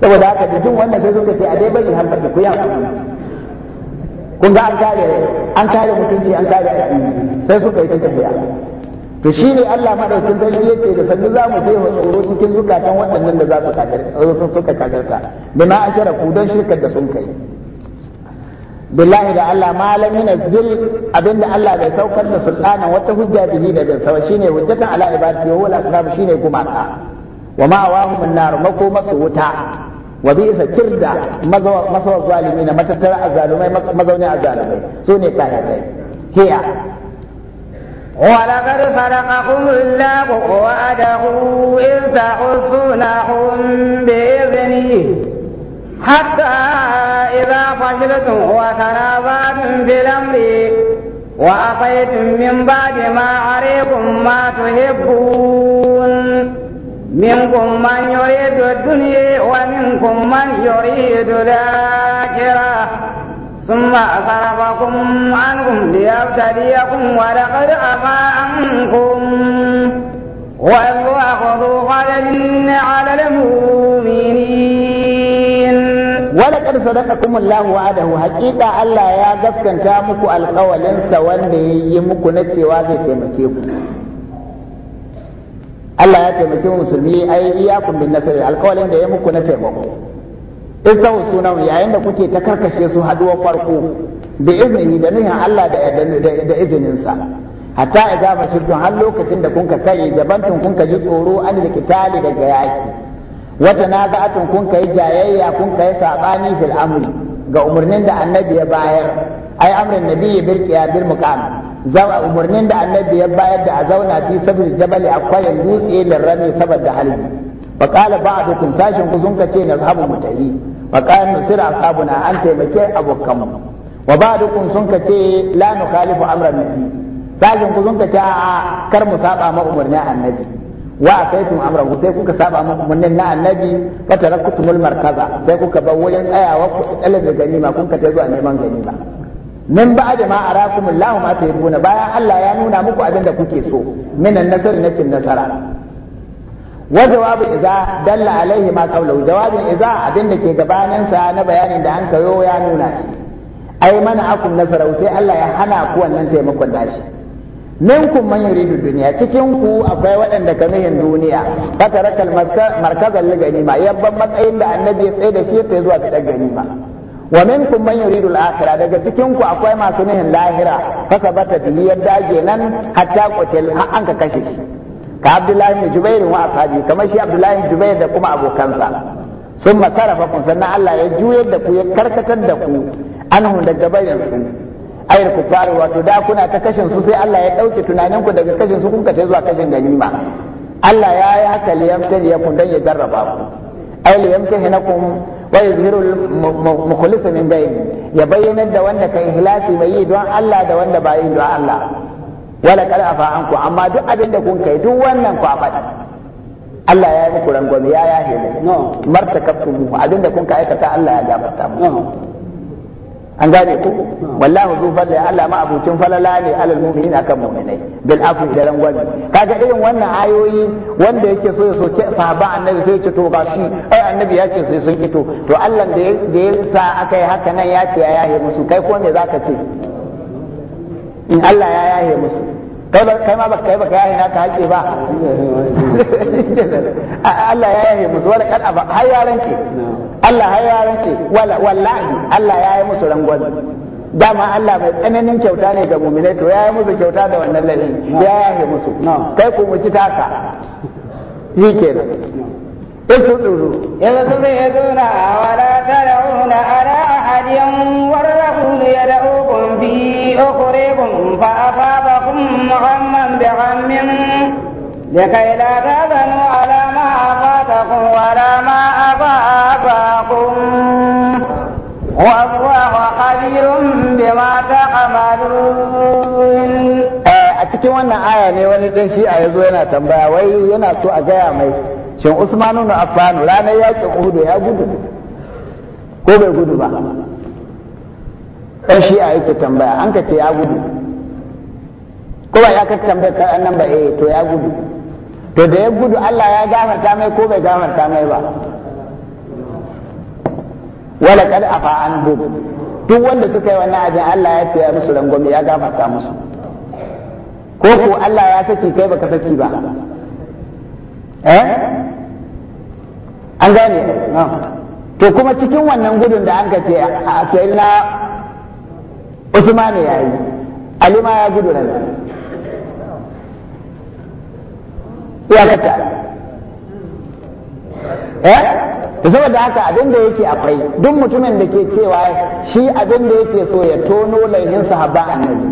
saboda haka da jin wannan sai suka ce a dai bari hamba ku kun ga an kare an kare mutunci an kare addini sai suka yi ta tafiya to shi ne Allah madaukin sarki ya da sannu za mu je wa tsoro cikin zukatan waɗannan da za su kagarta suka kagarta bima ashara ku don shirkar da sun kai billahi da Allah malami na zil abinda Allah bai saukar da sultana wata hujja bihi da bin sawa shine hujjatan ala ibadihi wa wala asnab shine ka. wa ma an-nar mako masu wuta Wa bi isa kirɗa masarufin al'umma ina matattara azalumai mazauna azalumai su ne ka yarda ya yi ki ya. Walakar sadaka kuma in laku ko adaku yanzu haus naku me zan yi haɗɗa ya fashilu tun wa ase tun min baje ma arewun masu heɓɓo. منكم من يريد الدنيا ومنكم من يريد الآخرة ثم صرفكم عنهم ليبتليكم ولقد عفا عنكم والله ذو فضل على المؤمنين ولقد صدقكم الله وعده حقيقة الله يا غسكن تامكو القولنسا وانده يمكو نتي واضح تيمكيكو Allah ya taimaki musulmi ai iyakum bin nasr alkawalin da ya muku na taimako istahu sunan yayin da kuke ta karkashe su haduwar farko bi iznihi da nihin Allah da izininsa. sa hatta idza fashiltum har lokacin da kun ka kai jabantun kun ka ji tsoro an likitali daga yaki wata na kun ka yi jayayya kun ka yi sabani fil amri ga umarnin da annabi ya bayar ai amrin nabiyyi bil qiyam bil muqam zawa umurnin da annabi ya bayar da a zauna fi sabr jabal akwayan dutse da rami saboda halbi wa qala ba'dukum sashin kuzun sun kace na zahabu mutahi wa qala nusira ashabuna an taimake abokanmu wa ba'dukum sun kace la nukhalifu amran nabi sashin kuzun sun kace a kar mu saba ma umurnin annabi wa asaitum ku sai kuka saba ma umurnin na annabi fa taraktumul markaza sai kuka bar wurin tsayawa ku dalil ganima kun ka zuwa neman ganima min ba'da ma arakum Allahu ma tayyibuna bayan Allah ya nuna muku abin da kuke so minan nasar na cin nasara wa jawabu idza dalla alaihi ma qawlu jawabin idza abin da ke gabanin sa na bayanin da an kayo ya nuna shi ai mana akum nasara sai Allah ya hana ku wannan taimakon dashi minkum man yuridu duniya cikin ku akwai waɗanda ka miyan duniya fatarakal markazan ganima yabban matsayin da annabi ya tsaye da shi ya zuwa ga ganima wa kum man yuridu al-akhirah daga cikin ku akwai masu nihin lahira fa sabata bihi yadda ake nan hatta qutil har an ka kashe shi ka Abdullahi bin Jubair wa ashabi kamar shi Abdullahi bin Jubair da kuma abokansa sun masarafa kun sannan Allah ya juyar da ku ya karkatar da ku anhu daga bayan su ayar ku fara wato da kuna ta kashin su sai Allah ya dauke tunanin ku daga kashin su kun ka zuwa kashin ganima Allah ya yi haka liyamtani ya kun dan ya jarraba ku ay liyamtani wa yuzhirul mukhlis min bayn ya bayyanar da wanda kai hilasi mai yi don Allah da wanda ba yi don Allah wala kal afa anku amma duk abinda da kun kai duk wannan ku faɗi Allah ya yi muku rangwame ya yahe muku martakabtu abin da kun ka aikata Allah ya gafarta muku an gane ku wallahu zu fadla Allah ma abucin falala ne alal mu'minin akan mu'minai bil afu da rangwami kaga irin wannan ayoyi wanda yake so ya soke sahaba annabi sai ce to ba shi ai annabi ya ce sai sun fito to Allah da ya sa aka yi haka nan ya ce ya yahe musu kai ko me zaka ce in Allah ya yahe musu kai kai ma baka kai baka yaye na ka haƙe ba Allah ya yaye musu wala kad aba har yaran ce Allah har yaran ce wallahi Allah ya yi musu rangwami dama Allah mai tsananin kyauta ne ga mu'minai to ya yi musu kyauta da wannan lalin ya yaye musu kai ku muci ka yi kenan استدعوا a تصعدون ولا تدعون على أحد ya يدعو يخرجكم فأصابكم غما بغم لكي لا تزنوا على ما أفاتكم ولا ما أصابكم والله خبير بما تعملون a cikin wannan aya ne wani dan shi a yazo yana tambaya wai yana so a gaya mai shin Usmanu na afanu ranar yakin uhudu ya gudu ko bai gudu ba dan a yake tambaya an ka ce ya gudu ko ba ya ka tambaya ka annan ba eh to ya gudu to da ya gudu Allah ya gafarta mai ko bai gafarta mai ba wala kad afa an duk wanda suka yi wannan abin Allah ya ce ya musu rangwame ya gafarta musu ko ko Allah ya saki kai baka saki ba eh an gane to kuma cikin wannan gudun da an ka ce sai na usman ya yi ali ma ya gudu nan ya kata eh da saboda haka abin da yake akwai duk mutumin da ke cewa shi abin da yake so ya tono laihin sahaba annabi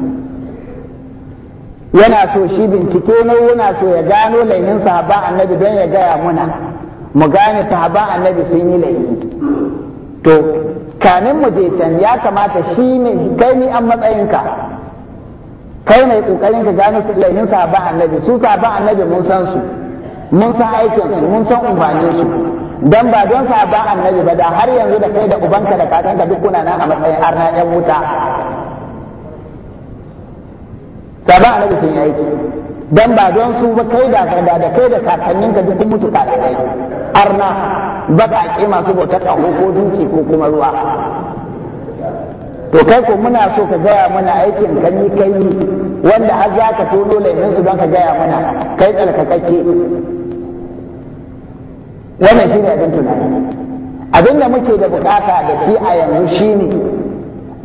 yana so shi bincike ne yana so ya gano laihin sahaba annabi don ya gaya muna mu gane sahaba annabi sun yi laifi to kamin mu je can ya kamata shi ne kai ni an matsayinka kai mai kokarin ka gano laifin sahabban annabi su sahabban annabi mun san su mun san aikin su mun san umfanin su dan ba don sahabban annabi ba da har yanzu da kai da ubanka da kakanka duk kuna nan a matsayin arna yan wuta sahabban annabi sun yi aiki dan ba don su ba kai da da kai da kakanninka duk kun mutu kai arna baƙaƙe masu bautar ƙaho ko duki ko kuma ruwa to kai ko muna so ka gaya mana aikin ka ni kai wanda har za ka tono laifinsu don ka gaya mana kai tsarkakakke wannan shine abin tunani abin da muke da bukata da shi a yanzu shine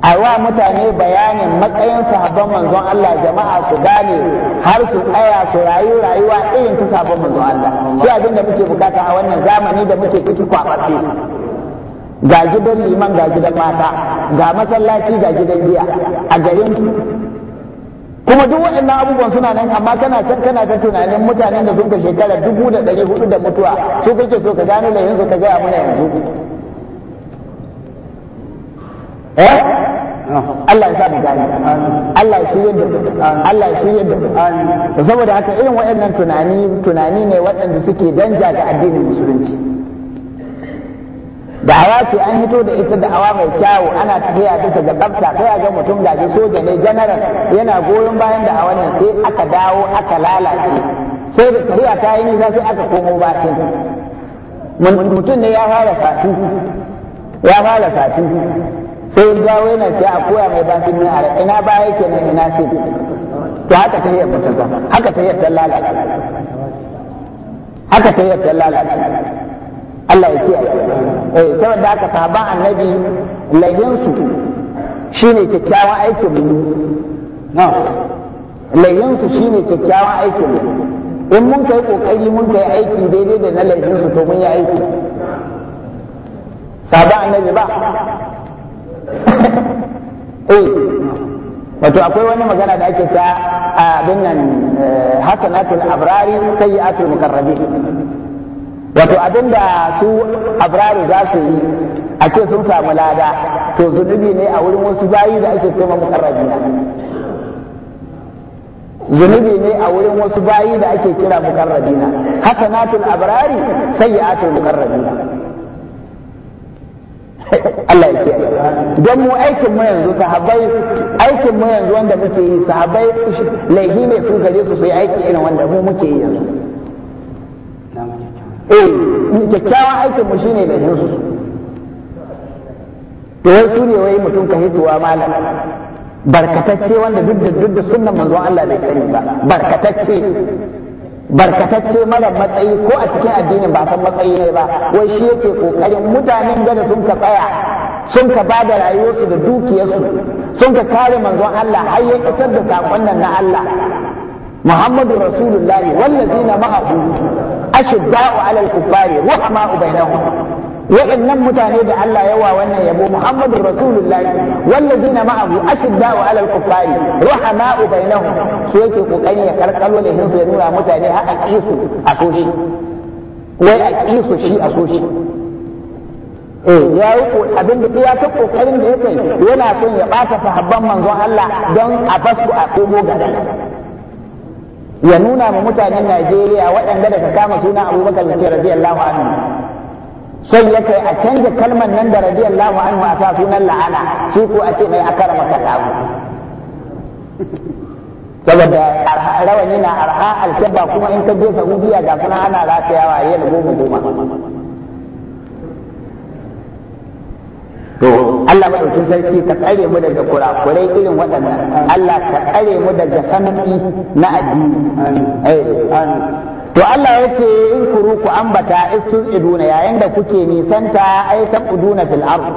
a wa mutane bayanin matsayin sahabban manzon Allah jama'a su gane har su tsaya su rayu rayuwa irin ta sahabban manzon Allah shi abin da muke bukata a wannan zamani da muke ciki kwabatse ga gidan liman ga gidan mata ga masallaci ga gidan giya a garin kuma duk waɗannan abubuwan suna nan amma kana can kana ta tunanin mutanen da sun ka shekara dubu da ɗari hudu da mutuwa su kake so ka gano da yanzu ka gaya mana yanzu eh Allah ya sa mu gane Allah ya shirye da Allah ya shirye da to saboda haka irin waɗannan tunani tunani ne waɗanda suke danja da addinin musulunci da'awa ce an hito da ita da'awa mai kyawu ana tafiya bisa ga tsafta sai a ga mutum gaji soja ne janaral yana goyon bayan da'awan nan sai aka dawo aka lalace sai da tafiya ta yi nisa sai aka komo bakin mutum ne ya fara satu ya fara satu sai dawo yana ce a koya mai ba sun yara ina ba yake nan ina shi to haka ta yi mutunta haka ta yi ta lalace haka ta yi lalace Allah ya kiyaye eh saboda haka sahaba annabi layinsu shine kyakkyawan aikin mu na layinsu shine kyakkyawan aikin mu in mun kai kokari mun kai aiki daidai da na layinsu to mun yi aiki sahaba annabi ba eh wato akwai wani magana da ake ta abin nan eh, hasanatul abrari sayyi'atul mukarrabin wato abinda su abrari za su yi a ce sun samu lada to zunubi ne a wurin wasu bayi da ake cewa mukarrabin zunubi ne a wurin wasu bayi da ake kira mukarrabina hasanatul abrari sayyi'atul mukarrabina Allah ya kiyaye don mu aikin mu yanzu sahabbai aikin mu yanzu wanda muke yi sahabbai laihi ne sun gare su su yi aiki irin wanda mu muke yi yanzu eh kyakkyawan aikin mu shine laihin su to wai su ne wai mutum ka hitowa malam barkatacce wanda duk da duk da sunnan manzon Allah bai sani ba barkatacce barkatacce mara matsayi ko a cikin addinin ba san matsayi ne ba wai shi yake kokarin mutanen gada sun ka tsaya sun ka ba da rayuwarsu da dukiyarsu sun ka kare manzon Allah har ya isar da sakonnan nan na Allah Muhammadu Rasulullahi wallazina ma'ahu ashidda'u alal kuffari rahama'u bainahum waɗannan mutane da Allah yawa wannan yabo Muhammadu Rasulullahi wallazina ma'ahu ashidda'u 'alal kuffari rahama'u bainahum su yake kokari ya karkalo da hinsu ya nuna mutane har a kisu a so shi wai a kisu shi a so shi eh, ya yi abin da ya ta kokarin da ya kai yana son ya ɓata sahabban manzon Allah don a basu a kogo ya nuna ma mutanen Najeriya waɗanda daga kama suna Abubakar Bakar radiyallahu anhu sai ya kai a canza kalmar nan da radiyallahu anhu a sa sunan la'ana shi ko a ce mai akara maka samu saboda rawani na arha alkaba kuma in ka je saudiya ga suna ana ratayawa ya da goma goma to Allah madaukin sarki ka tsare mu daga kurakurai irin waɗannan Allah ka tsare mu daga sanadi na addini eh, to Allah ya ce in kuru ku ambata istun iduna yayin da kuke nisanta ai ta uduna fil ard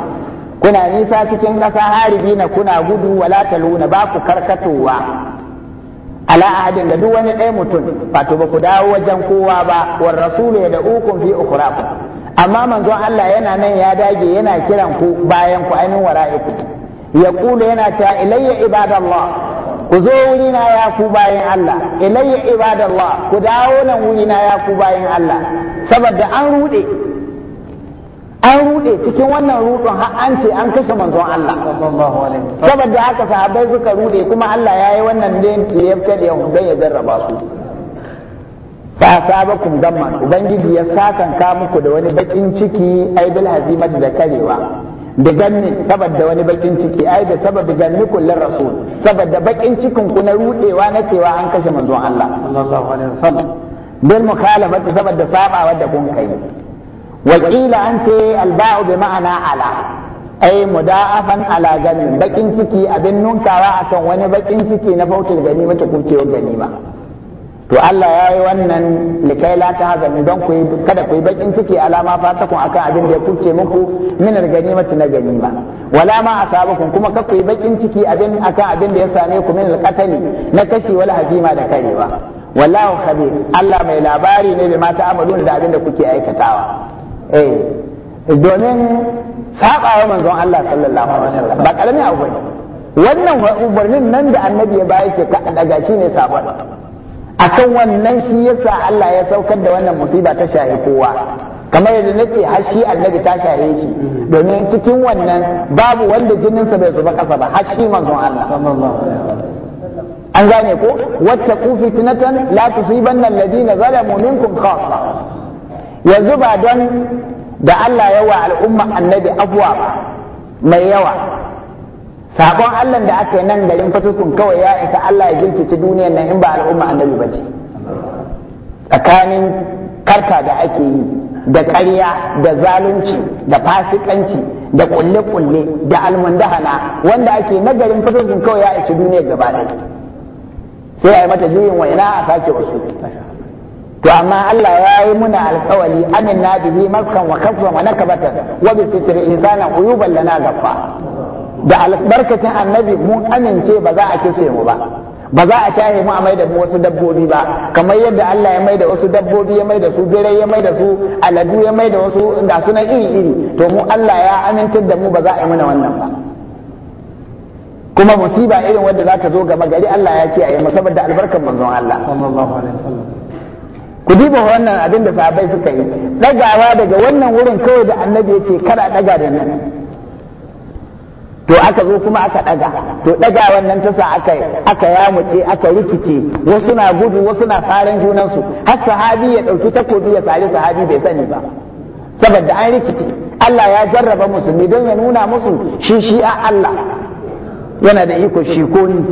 kuna nisa cikin ƙasa na kuna gudu wala taluna ba ku karkatowa ala ahadin da duk wani ɗaya mutum wato ba ku dawo wajen kowa ba war rasulu ya da ukun fi ku. amma manzon Allah yana nan ya dage yana kiran ku bayan ku ainin wara'iku yaqulu yana ta ilayya ibadallah ku zo wurina ya ku bayan Allah ilayya ibadallah ku dawo nan na ya ku bayan Allah saboda an rude an rude cikin wannan rudon har an ce an kashe manzon Allah saboda haka sahabbai suka rude kuma Allah ya yi wannan ne ya fita da yahu ya jarraba su ba asabakum gamman ubangiji ya sakan ka muku da wani bakin ciki ai bil hazimati da karewa biganni saboda wani bakin ciki ai da saboda ganni kullun rasul saboda bakin cikin ku na rudewa na cewa an kashe manzon Allah sallallahu alaihi wasallam bil mukhalafati saboda sabawa da kun kai wakila an ce alba'u bi ma'ana ala ai muda'afan ala ganin bakin ciki abin nunkawa akan wani bakin ciki na fautul gani mata gani ba to Allah ya yi wannan likai la ta hazami don ku kada ku yi bakin ciki alama fatakun akan abin da ya kuce muku min ganimati na ganima wala ma asabakum kuma kada ku yi bakin ciki abin akan abin da ya same ku min alqatali na kashi wal hazima da karewa wallahu khabir Allah mai labari ne bi mata amalun da abin da kuke aikatawa eh domin sabawa manzon Allah sallallahu alaihi wasallam ba karamin abu bane wannan umarnin nan da annabi ya bayar ce ka daga shi ne sabon akan wannan shi yasa Allah ya saukar da wannan musiba ta shahi kowa kamar yadda nake har shi annabi ta shahe shi domin cikin wannan babu wanda jininsa bai zuba ƙasa ba har shi manzon Allah an gane ko wattaqu fitnatan la tusibanna alladhina zalamu minkum khassa yanzu ba don da Allah yawa al'umma annabi afwa ba mai yawa Saƙon Allah da aka yi nan garin fatuskun kawai ya isa Allah ya jirkici duniyar nan in ba al'umma annabi ba ce tsakanin karka da ake yi da ƙarya da zalunci da fasikanci da kulle-kulle da almundahana wanda ake na garin fatuskun kawai ya isa duniyar gaba ɗaya sai a yi mata juyin waina a sake wasu to amma Allah ya yi muna alkawali amin na bihi maskan wa kasban wa nakabatan wa bi sitri uyuban lana gaba." da albarkacin annabi mun amince ba za a kise mu ba ba za a shahe mu a mai da wasu dabbobi ba kamar yadda Allah ya mai da wasu dabbobi ya mai da su birai ya mai su aladu ya mai wasu da suna iri iri to mu Allah ya amintar da mu ba za a yi mana wannan ba kuma musiba irin wanda za ta zo gama gari Allah ya kiyaye mu saboda albarkar manzon Allah sallallahu alaihi wasallam ku diba wannan abin da sahabbai suka yi dagawa daga wannan wurin kawai da annabi yake kada daga da nan to aka zo kuma aka daga to daga wannan tasa aka aka yamuce aka rikice wasu na gudu wasu na faran su har sahabi ya dauki takobi ya sari sahabi bai sani ba saboda an rikice Allah ya jarraba musulmi don ya nuna musu shi shi a Allah yana da iko shi ko ni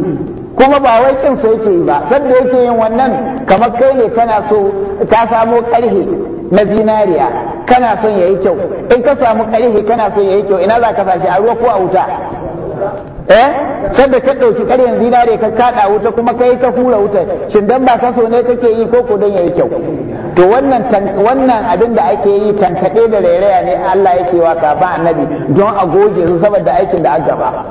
kuma ba wai kin yake yi ba sanda yake yin wannan kamar kai ne kana so ka samo karhe na zinariya kana son yayi kyau in ka samu ƙarhe kana son yayi kyau ina za ka sashi a ruwa ko a wuta eh ka ɗauki ƙaryen zinariya ka kaɗa wuta kuma kai ka hura wuta shin dan ba kaso ne kake yi ko ko dan yayi kyau to wannan wannan abin da ake yi tankaɗe da rairaya ne Allah yake wa ka ba annabi don a goge su saboda aikin da aka gaba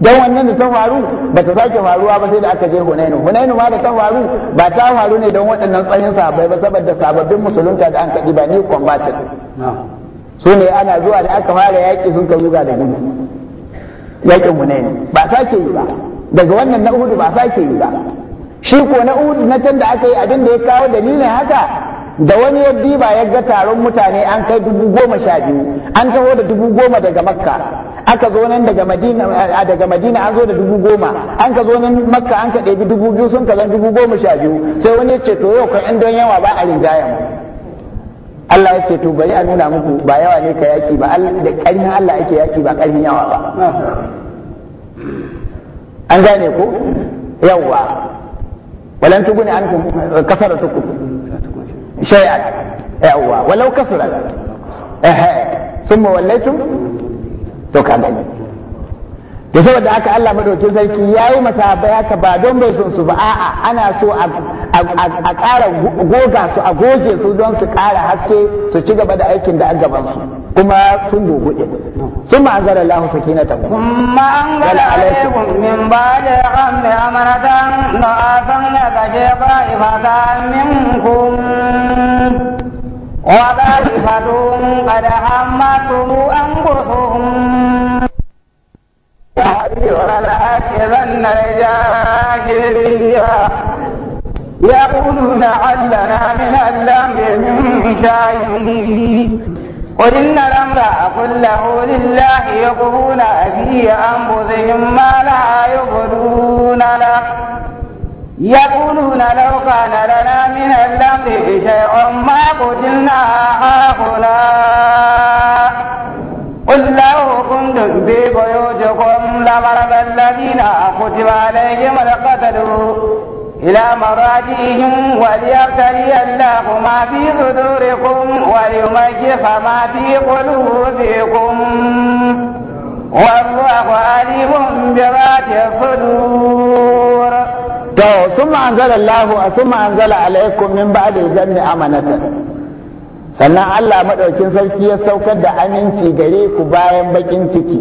don wannan da ta faru ba ta sake faruwa ba sai da aka je hunainu hunainu ma da ta faru ba ta faru ne don waɗannan tsayin sahabbai ba saboda sababbin musulunta da an kaɗi ba ni kwambatin su ne ana zuwa da aka fara yaƙi sun ka zuga da gudu yaƙin hunainu ba sake yi ba daga wannan na uhudu ba sake yi ba shi ko na uhudu na can da aka yi abin da ya kawo dalilin haka da wani ya ba ya ga taron mutane an kai dubu goma sha biyu an taho da dubu goma daga makka aka zo nan daga madina daga madina an zo da dubu goma an ka zo nan makka an ka ɗebi dubu biyu sun ka dubu goma sha biyu sai wani ya ce to yau kan in don yawa ba a rinjaya mu Allah ya ce to bari a nuna muku ba yawa ne ka yaki ba da ƙarfin Allah ake yaki ba ƙarfin yawa ba an gane ko yawa walan tuguni an kasara tuku shay'a yawa walau kasara eh sun wallaitum to ka gani da saboda haka Allah madaukin sarki yayi masahabai haka ba don bai son su ba a'a ana so a ƙara goga su a goge su don su ƙara haske su ci gaba da aikin da an gaban su kuma sun gogude sun ma anzara Allah sakinata kuma anzara alaikum min ba'da ghammi amanatan na'atan ya kashe ba ifada minkum وظائفة قد همته أنفسهم ولآكلن الجاهلية يقولون علنا من الأمر من شيء قل إن الأمر كله لله يقولون في أنفسهم ما لا يبدون له يقولون لو كان لنا من الأمر شيء ما قتلنا هاهنا قل لو كنتم في بيوتكم لضرب الذين كتب عليهم القتل إلى مراجعهم وليبتلي الله ما في صدوركم وليميز ما في قلوبكم والله عليم بذات الصدور to summa anzala Allah summa ma'anzala alaikum min da idan ne amanata sannan Allah maɗaukin sarki ya saukar da aminci gare ku bayan bakin ciki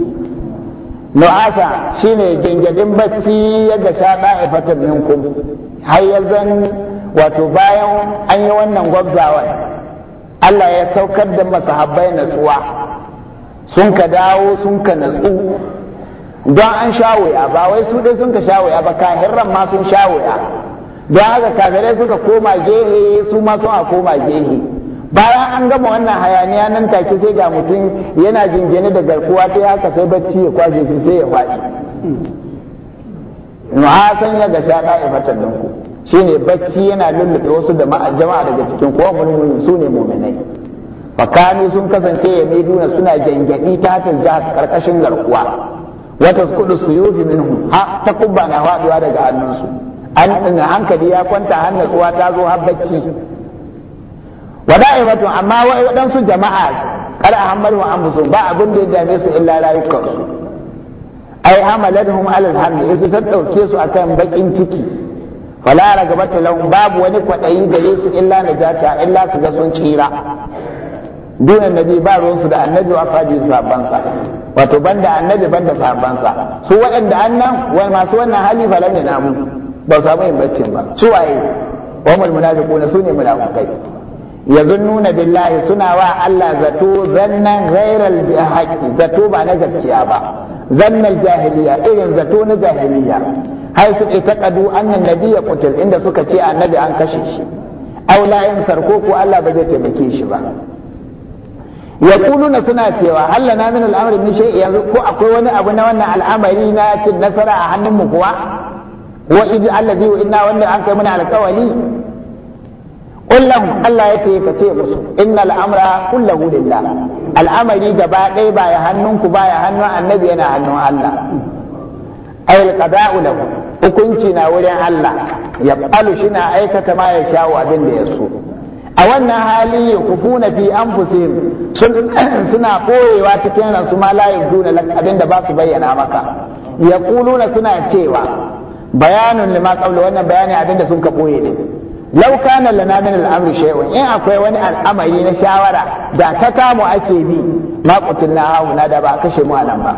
nu'asa shine gingadin bacci yadda sha da'ifatan minkum har zan wato bayan an yi wannan gwabzawa Allah ya saukar da masahabbai natsuwa sun ka dawo sun ka natsu don an shawoya, ba wai su dai sun ka shawoya ba kahirran ma sun shawoya. don haka kafirai suka koma gehe su ma sun a koma gehe bayan an gama wannan hayaniya nan take sai ga mutum yana jingine da garkuwa ta haka sai bacci ya kwaje shi sai ya faɗi nuhasan ya ga sha ku dinku ne bacci yana lullube wasu da jama'a daga cikin kowa su ne muminai Bakani sun kasance ya mai duna suna gyangyaɗi ta ta karkashin garkuwa wata kudu su yufi minhu ha ta kubba na faduwa daga hannunsu an hankali ya kwanta hannu uwa ta zo har bacci wada'imatu amma waɗansu jama'a kada Ahmadu hammalu an musu ba abin da ya dame su illa rayukansu ai hamalatuhum alal hamli su ta dauke su akan bakin ciki wala ragabata lahum babu wani kwadayi gare su illa najata illa su ga sun tsira dunan nabi ba ruwansu da annabi wa sahabi sahabbansa wato banda annabi banda sahabbansa su waɗanda annan wani wannan hali fa lam yanamu ba samu yin baccin ba su waye wa mul munafiqun sune munafiqai yazunnuna billahi suna wa Allah zato zannan ghairal bihaqi zato ba na gaskiya ba Zannan jahiliya irin zato na jahiliya haisu itaqadu anna nabiyya qutil inda suka ce annabi an kashe shi Aulayin Sarko ko Allah ba zai taimake shi ba yaquluna suna cewa hallana min al'amri min shay'in yanzu ko akwai wani abu na wannan al'amari na cin nasara a hannunmu kuwa wa idi allazi wa inna wanda an kai mana alƙawali qul Allah ya ce ka ce musu innal amra kullahu lillah al'amari gaba ɗaya ba ya hannunku ba ya hannun annabi yana hannun Allah ay alqada'u lahu hukunci na wurin Allah ya qalu shina aikata ma ya sha'u abin da ya so a wannan hali ya na fi anfusihim suna koyewa cikin ransu ma layin duna abin da ba su bayyana maka kuluna suna cewa bayanun lima qabla wannan bayani da sun ka koye. ne lauka na lana min in akwai wani al'amari na shawara da ta kamo ake bi ma hau na da ba kashe mu anan ba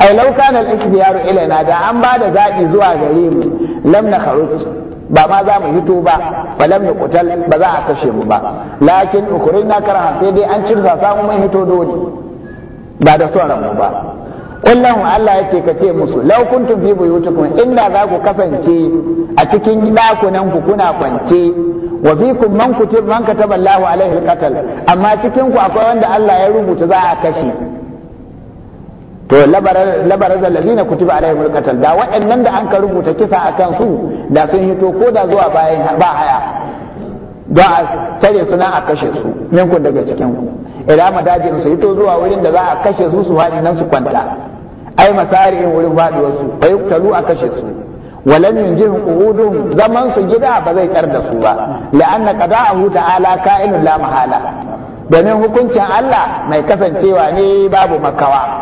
ai law kana al ilaina da an ba da zabi zuwa gare mu lam na ba ma za mu hito ba falam ya kutal ba za a kashe mu ba lakin na karaha sai dai an cirsa samu mun hito dole ba da son mu ba kullum Allah ya ce ka ce musu law kuntum fi buyutikum inda za ku kasance a cikin dakunan ku kuna kwance wa bikum man kutib man kataballahu alaihi alqatal amma cikin ku akwai wanda Allah ya rubuta za a kashe to labarar lazina kutiba alaihi mulkatal da waɗannan da an ka rubuta kisa akan su da sun hito ko da zuwa bayan ba haya da a tare su na a kashe su ninku daga cikin ku idan madajin su hito zuwa wurin da za a kashe su su hali nan su kwanta ai in wurin faduwar su fa yuktalu a kashe su walam yunjihum qudum zaman su gida ba zai tsar da su ba la'anna qada'ahu ta'ala ka'inun la mahala domin hukuncin Allah mai kasancewa ne babu makawa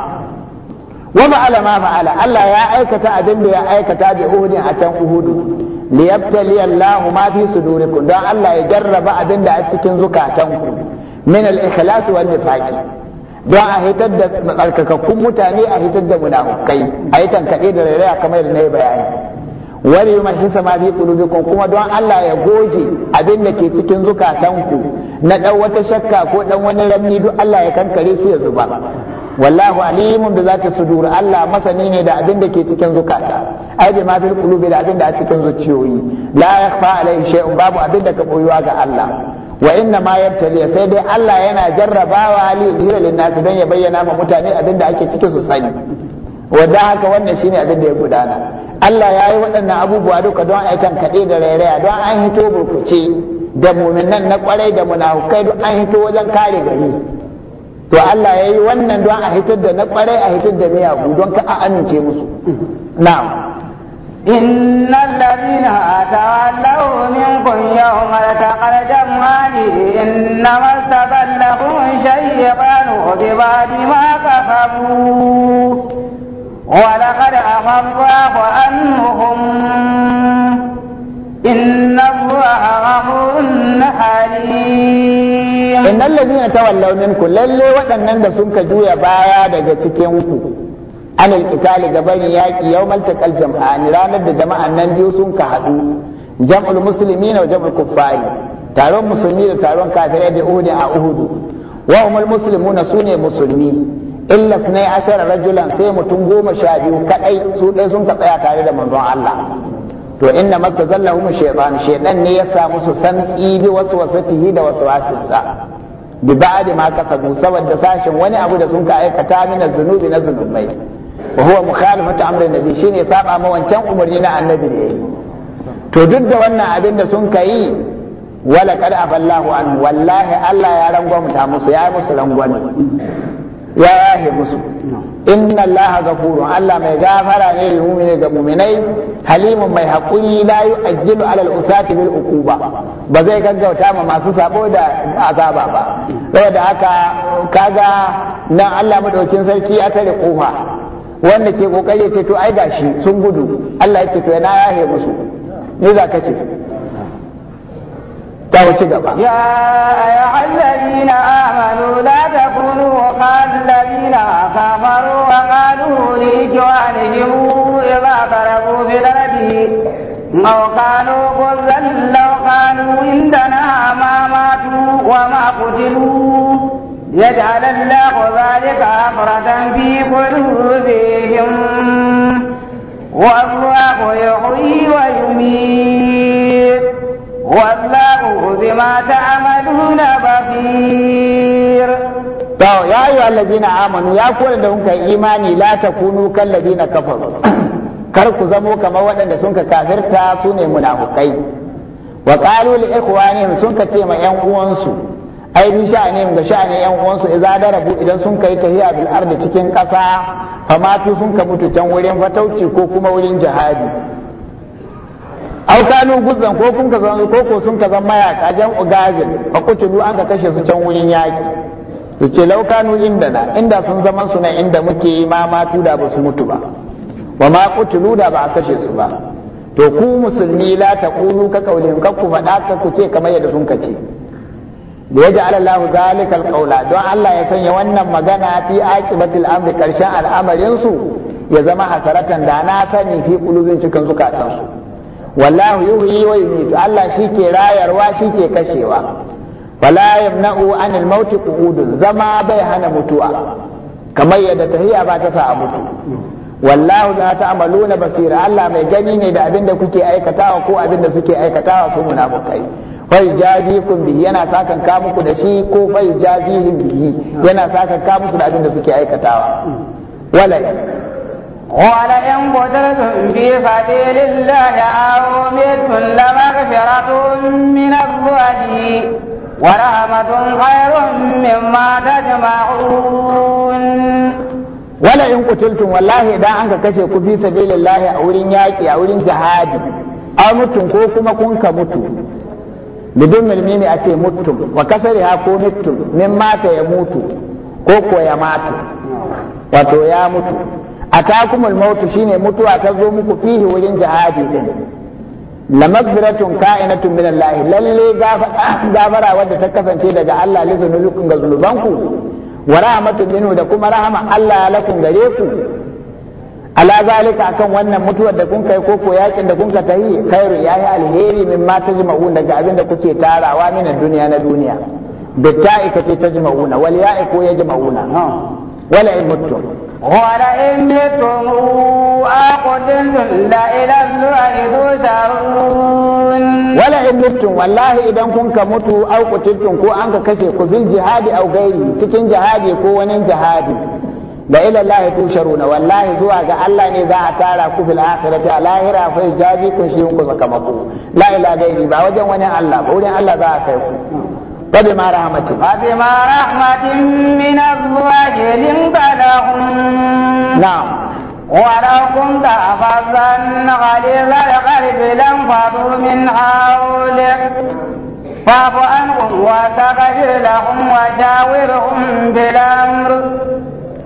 wa fa'ala ma Allah ya aikata abin da ya aikata bi uhud a can uhudu. li yabtali Allah ma fi sudurikum don Allah ya jarraba abinda da a cikin zukatanku min al-ikhlas wal don a hitar da tsarkakakkun mutane a hitar da munafukai a yi tankaɗe da rairaya kamar yadda na yi bayani wani yi mahisa ma fi kulubikum kuma don Allah ya goge abinda ke cikin zukatanku na ɗan wata shakka ko ɗan wani ramni duk Allah ya kankare su ya zuba wallahu alimun bi su sudur Allah masani ne da abin da ke cikin zukata ai bi ma fil qulubi da abin da a cikin zuciyoyi la yakhfa shay'un babu abin da ka boyuwa ga Allah wa inna ma yabtali sai dai Allah yana jarrabawa ali jira lin nas dan ya bayyana ma mutane abin da ake ciki su sani wanda haka wannan shine abin da ya gudana Allah ya yi waɗannan abubuwa duka don aikan kaɗe da rairaya don an hito burkuce da muminan na kwarai da munafukai duk an hito wajen kare gari to Allah ya yi wannan don a hitar da na kwarai a hitar da miyagu don ka a amince musu na'am إن الذين تولوا منكم يوم التقى الجمعان إنما استبلهم شيطان ببعد ما كسبوا ولقد عفى الله عنهم إن الله غفور حليم innal ladina tawallaw minku lalle waɗannan da sun ka juya baya daga cikin ku an alqitali gaban yaki yawmal taqal jam'ani ranar da jama'an nan biyu sun ka hadu jam'ul muslimin wa jam'ul kuffari taron musulmi da taron kafirai da udu a uhudu wa umul muslimuna sune musulmi illa sunai rajulan sai mutum goma sha biyu kadai su dai sun ka tsaya tare da manzon Allah to inna mata zallahum shaytan shaytan ne ya sa musu santsi bi wasu wasafihi da wasu wasinsa bi ba'di ma saboda sashen wani abu da sun ka aikata min az-zunubi na zunubai wa huwa mukhalafatu amri nabi shine saba ma wancan umarni na annabi da to duk da wannan abin da sun kayi wala a afallahu an wallahi Allah ya rangwamta musu ya musu rangwame ya yahe musu inna allaha gafuru allah mai gafara ne da mumine ga mu'minai halimun mai hakuri la ajilu alal usati bil uquba ba Ba zai gaggauta ma masu sabo da azaba ba da haka kaga nan allah madaukin sarki ya tare kofa wanda ke kokari ce to ai gashi sun gudu allah yake to na yahe musu ni za ka ce kawo ci na amanu la kunu wa na kamaru wa kanu ni ya ba rabu bi lardi. Mawakanu ko zallau kanu inda na matu wa ma kutilu. Ya ji halalla ko zaje ka faratan bi kuru bihim. Wa zuwa ko wa yumi. والله بما تعملون بصير to ya ayu allazina amanu ya kuwa da kuka imani la takunu kal ladina kafaru kar ku zamo kamar waɗanda sun ka kafirta su ne munafukai wa qalu li ikhwanihim sun ce ma yan uwansu ai bi sha'anihim ga sha'ani yan uwansu idza darabu idan sun kai tahiya bil ardi cikin ƙasa fa matu sun ka mutu can wurin fatauci ko kuma wurin jihadi aw kanu guzzan ko kun kazan ko ko sun kazan mayaka jan ugazin fa kutulu an ka kashe su can wurin yaki to ce law kanu na inda sun zaman su na inda muke ma matu da ba su mutu ba wa ma kutulu da ba a kashe su ba to ku musulmi la taqulu ka kaulin ka ku fada ka ku ce kamar yadda sun kace da yaji Allahu zalika alqaula don Allah ya sanya wannan magana fi aqibatil amri karshen al'amarin su ya zama hasaratan da na sani fi kulubin cikin zukatansu wallahu yuhyi wa yumiitu Allah shi ke rayarwa shi ke kashewa wala yamna'u anil mauti qu'udun zama bai hana mutuwa kamar yadda tahiya ba ta sa a mutu wallahu za da ta'maluna basira Allah mai gani ne da abin da kuke aikatawa ko abin da suke aikatawa su munafukai fai jazikum bihi yana sakan ka muku da shi ko fai jazihim bihi yana sakan ka musu da abin da suke aikatawa walai قال إن قتلتم في سبيل الله أو متم لمغفرة من الله ورحمة خير مما تجمعون wala in kutiltum wallahi idan an ka kashe ku fi sabilillahi a wurin yaƙi a wurin jihadi a mutum ko kuma kun ka mutu bidun milmimi a ce mutum wa kasari ha mutum min mata ya mutu ko ya matu wato ya mutu atakumul mautu shine mutuwa ta zo muku fihi wurin jihadi din la magfiratun ka'inatun min Allah lalle gafara wadda ta kasance daga Allah li zunubikum ga zunubanku wa rahmatun minhu da kuma rahama Allah lakum gare ku ala zalika akan wannan mutuwar da kun kai koko yakin da kun ka tayi khairun yayi alheri min ma tajma'un daga abin da kuke tarawa min duniya na duniya bitta'i ta tajma'una wal ya'i ko yajma'una wala in mutum ولئن متم أقدمتم لإلى الله تسعون ولئن متم والله إذا كنت متوا أو قتلتم كو أنك كشف بالجهاد أو غيره تكن جهادي كو ونن جهادي da ila Allah tusharuna wallahi zuwa ga Allah ne za a tara ku fil akhirati a lahira fa jazi kun shi ku sakamako la ilaha gairi ba wajen wani Allah ba wurin Allah za a kai ku فبما رحمة فبما رحمة من الله لنت لهم نعم ولو كنت فظا غليظ القلب لانفضوا من حولك فاعف عنهم وتغفر لهم وشاورهم بالأمر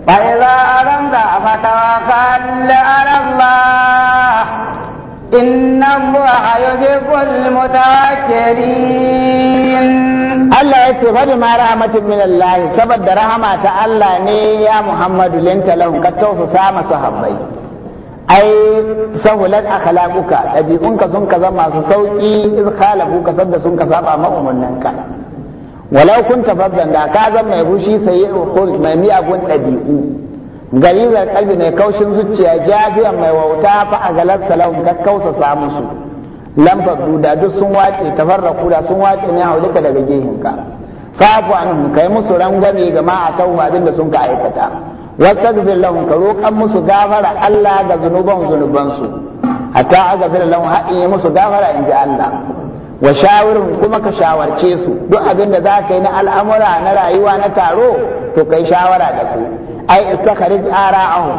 فإذا فاذا اذنت فتوكل على الله ان الله يحب المتوكلين Allah ya ce fadi ma rahmatin min Allah saboda rahama ta Allah ne ya Muhammadu linta lahum ka tausasa masa habbai ai sahulat akhlaquka dabi'unka sun kaza masu sauki iz khalafu ka sun ka saba ma umarninka walau kunta da ka zan mai bushi sai khulq mai miyagun dabi'u Garizar kalbi mai kaushin zuciya jafiyan mai wauta fa a galar ka kausa musu lamfar da duk sun wace tafarraku da sun wace ne haulika daga gehinka fafu anhum kai musu rangwame ga ma a tauba da sun ka aikata wastaghfir lahum ka roƙan musu gafara Allah ga zunuban A su hatta aghfir lahum yi musu gafara in ji Allah wa shawirin kuma ka shawarce su duk abin da za ka yi na al'amura na rayuwa na taro to kai shawara da su ai istakhrij ara'ahum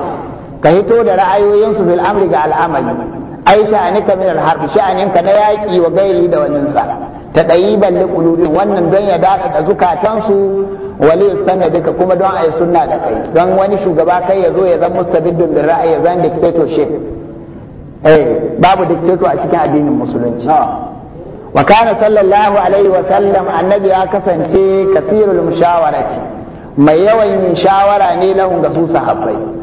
ka hito da ra'ayoyinsu bil amri ga al'amari. ai sha'anika min al-harb ka na yaki wa gairi da waninsa ta dayiban li qulubi wannan don ya dada da zukatansu wali yastana duka kuma don ai sunna da kai don wani shugaba kai ya zo ya zama mustabiddun bil ra'ayi ya zan dictatorship eh babu dictator a cikin addinin musulunci wa kana sallallahu alaihi wa sallam annabi ya kasance kasirul mushawarati mai yawan yin shawara ne lahun ga su sahabbai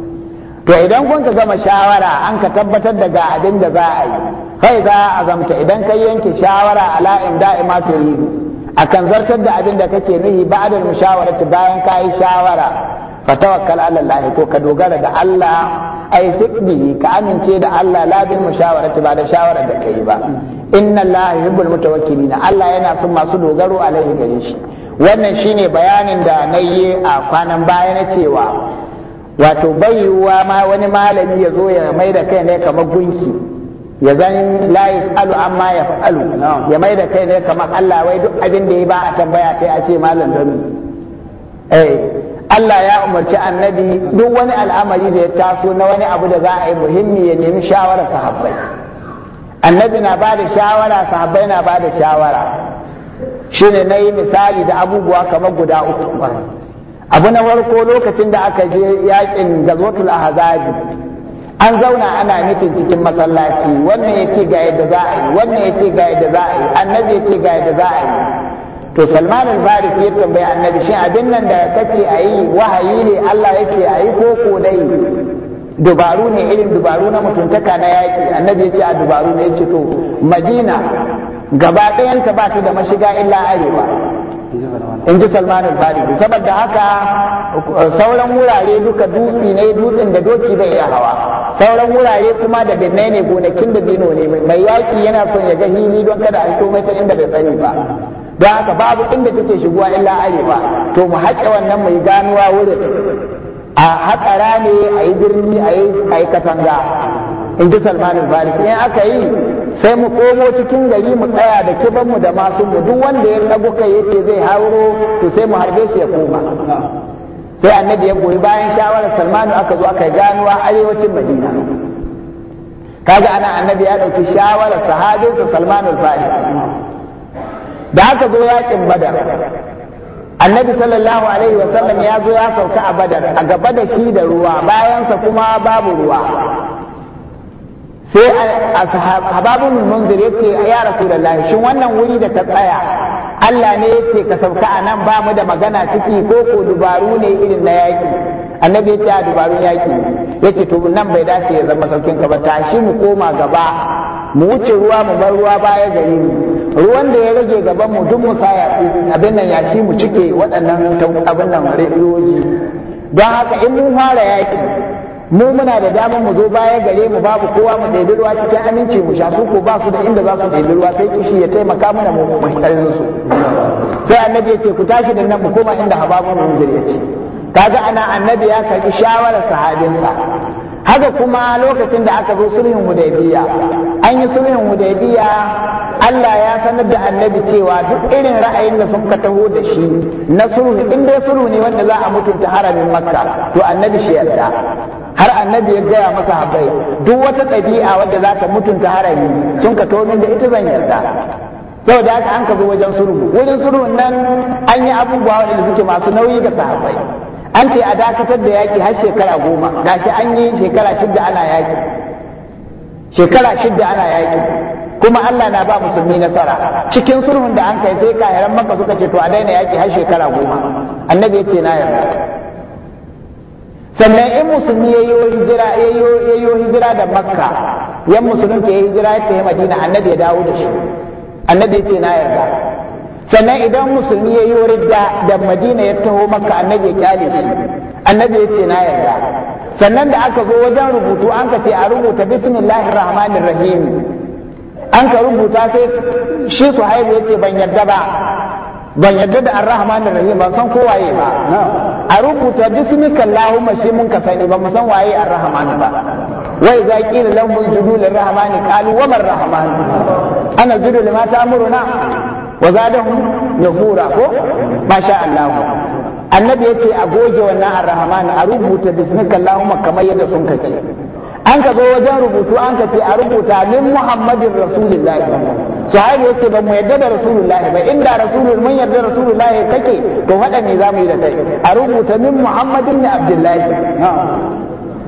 to idan kun ka gama shawara an ka tabbatar da ga abin da za a yi kai za a zamta idan ka yanke shawara ala imda'i ma A akan zartar da abin da kake nihi ba'da mushawarati bayan ka yi shawara fa tawakkal ala Allah ko ka dogara da Allah ai fiqbihi ka amince da Allah la bil mushawarati ba da shawara da kai ba inna Allah yuhibbul mutawakkilina Allah yana son masu dogaro alaihi gare shi wannan shine bayanin da nayi a kwanan baya na cewa wato bai yiwuwa ma wani malami ya zo ya mai da kai ne kamar gunki ya zan la yas'alu amma ya fa'alu ya mai da kai ne kamar Allah wai duk abin da ya ba a tambaya kai a ce malam don eh Allah ya umarci annabi duk wani al'amari da ya taso na wani abu da za a yi muhimmi ya nemi shawarar sahabbai annabi na ba da shawara sahabbai na ba da shawara shine na yi misali da abubuwa kamar guda uku abu na farko lokacin da aka je yakin gazotul ahzabi an zauna ana mitin cikin masallaci wannan ya ce ga yadda za a yi wannan ya ce ga yadda za a yi annabi ya ce ga yadda za a yi to salman al-faris ya tambayi annabi shin abin nan da kace a yi wahayi ne allah ya ce a yi koko dai dubaru ne irin dubaru na mutuntaka na yaƙi annabi ya ce a dubaru ne ya ce to madina gaba ɗayanta ba ta da mashiga illa arewa in ji salman al-farisi saboda haka sauran wurare duka dutsi ne dutsen da doki bai iya hawa sauran wurare kuma da birnai ne gonakin da bino ne mai yaki yana son ya ga hili don kada a komai ta inda bai sani ba don haka babu inda take shigowa illa arewa to mu haƙe wannan mai ganuwa wurin a haƙa ne a yi birni a yi katanga in ji salman al-farisi in aka yi sai mu komo cikin gari mu tsaya da kiban mu da masu mu duk wanda ya tsago kai yace zai hauro to sai mu harbe shi ya koma sai annabi ya goyi bayan shawarar salmanu aka zo aka gano a arewacin madina kaga ana annabi ya ɗauki shawarar sahabinsa salmanu al-farisi da aka zo yakin badar annabi sallallahu alaihi wasallam ya zo ya sauka a badar a gaba da shi da ruwa bayansa kuma babu ruwa sai hababun munzir ya ce ya rasulullah shin wannan wuri da ta tsaya Allah ne ya ce ka sauka a nan ba mu da magana ciki ko ko dubaru ne irin na yaƙi annabi ya ce a dubarun yaƙi ya ce to nan bai dace ya zama saukin ka ba tashi mu koma gaba mu wuce ruwa mu bar ruwa baya gare mu ruwan da ya rage gaban mu duk mu fi abin nan fi mu cike waɗannan abin nan rediyoji don haka in mun fara yaƙi mu muna da damar mu zo baya gare mu babu kowa mu ɗebi ruwa cikin aminci mu sha su ko ba su da inda za su ɗebi ruwa sai kishi ya taimaka mana mu mu su sai annabi ya ce ku tashi da nan mu koma inda hababu munzir ya ce kaga ana annabi ya karɓi shawarar sahabinsa haka kuma lokacin da aka zo sulhin hudaybiya an yi sulhun hudaybiya Allah ya sanar da annabi cewa duk irin ra'ayin da sun taho da shi na sulhu in dai sulhu ne wanda za a mutunta haramin makka to annabi shi yarda har annabi ya gaya masa habai duk wata ɗabi'a wadda za ta mutunta harami sun ka tonin da ita zan yarda saboda haka an ka zo wajen sulhu wajen sulhun nan an yi abubuwa waɗanda suke masu nauyi ga sahabbai an ce a dakatar da yaƙi har shekara goma gashi an yi shekara shidda ana yaƙi shekara shidda ana yaƙi kuma Allah na ba musulmi nasara cikin sulhun da an kai sai kahiran maka suka ce to a daina yaƙi har shekara goma annabi ya ce na yarda sannan in musulmi ya yi hijira ya yi hijira da makka yan musulun ke hijira ya yi madina annabi ya dawo da shi annabi ya ce na yarda sannan idan musulmi ya yi ridda da madina ya taho makka annabi ya kyale shi annabi ya ce na yarda sannan da aka zo wajen rubutu an ka ce a rubuta bismillahir rahmanir rahim an ka rubuta sai shi su haihu ya ce ban yarda ba ban yadda da ar-rahman ar-rahim ban san kowaye ba a rubuta bismika allahumma shi mun ka sani mu san waye ar-rahman ba wai za lam mun judu lir-rahmani qalu wa mar rahman ana judu lima ta'muruna wa zadahum nufura ko masha Allah annabi yace a goge wannan ar-rahman a rubuta bismika allahumma kamar yadda sun ce. an ka zo wajen rubutu an ka ce a rubuta min muhammadin rasulillahi ya ce ba mu yarda da rasulullahi ba inda rasulul mun yarda rasulullahi kake to faɗa me mu yi da kai a rubuta min muhammadin ne abdullahi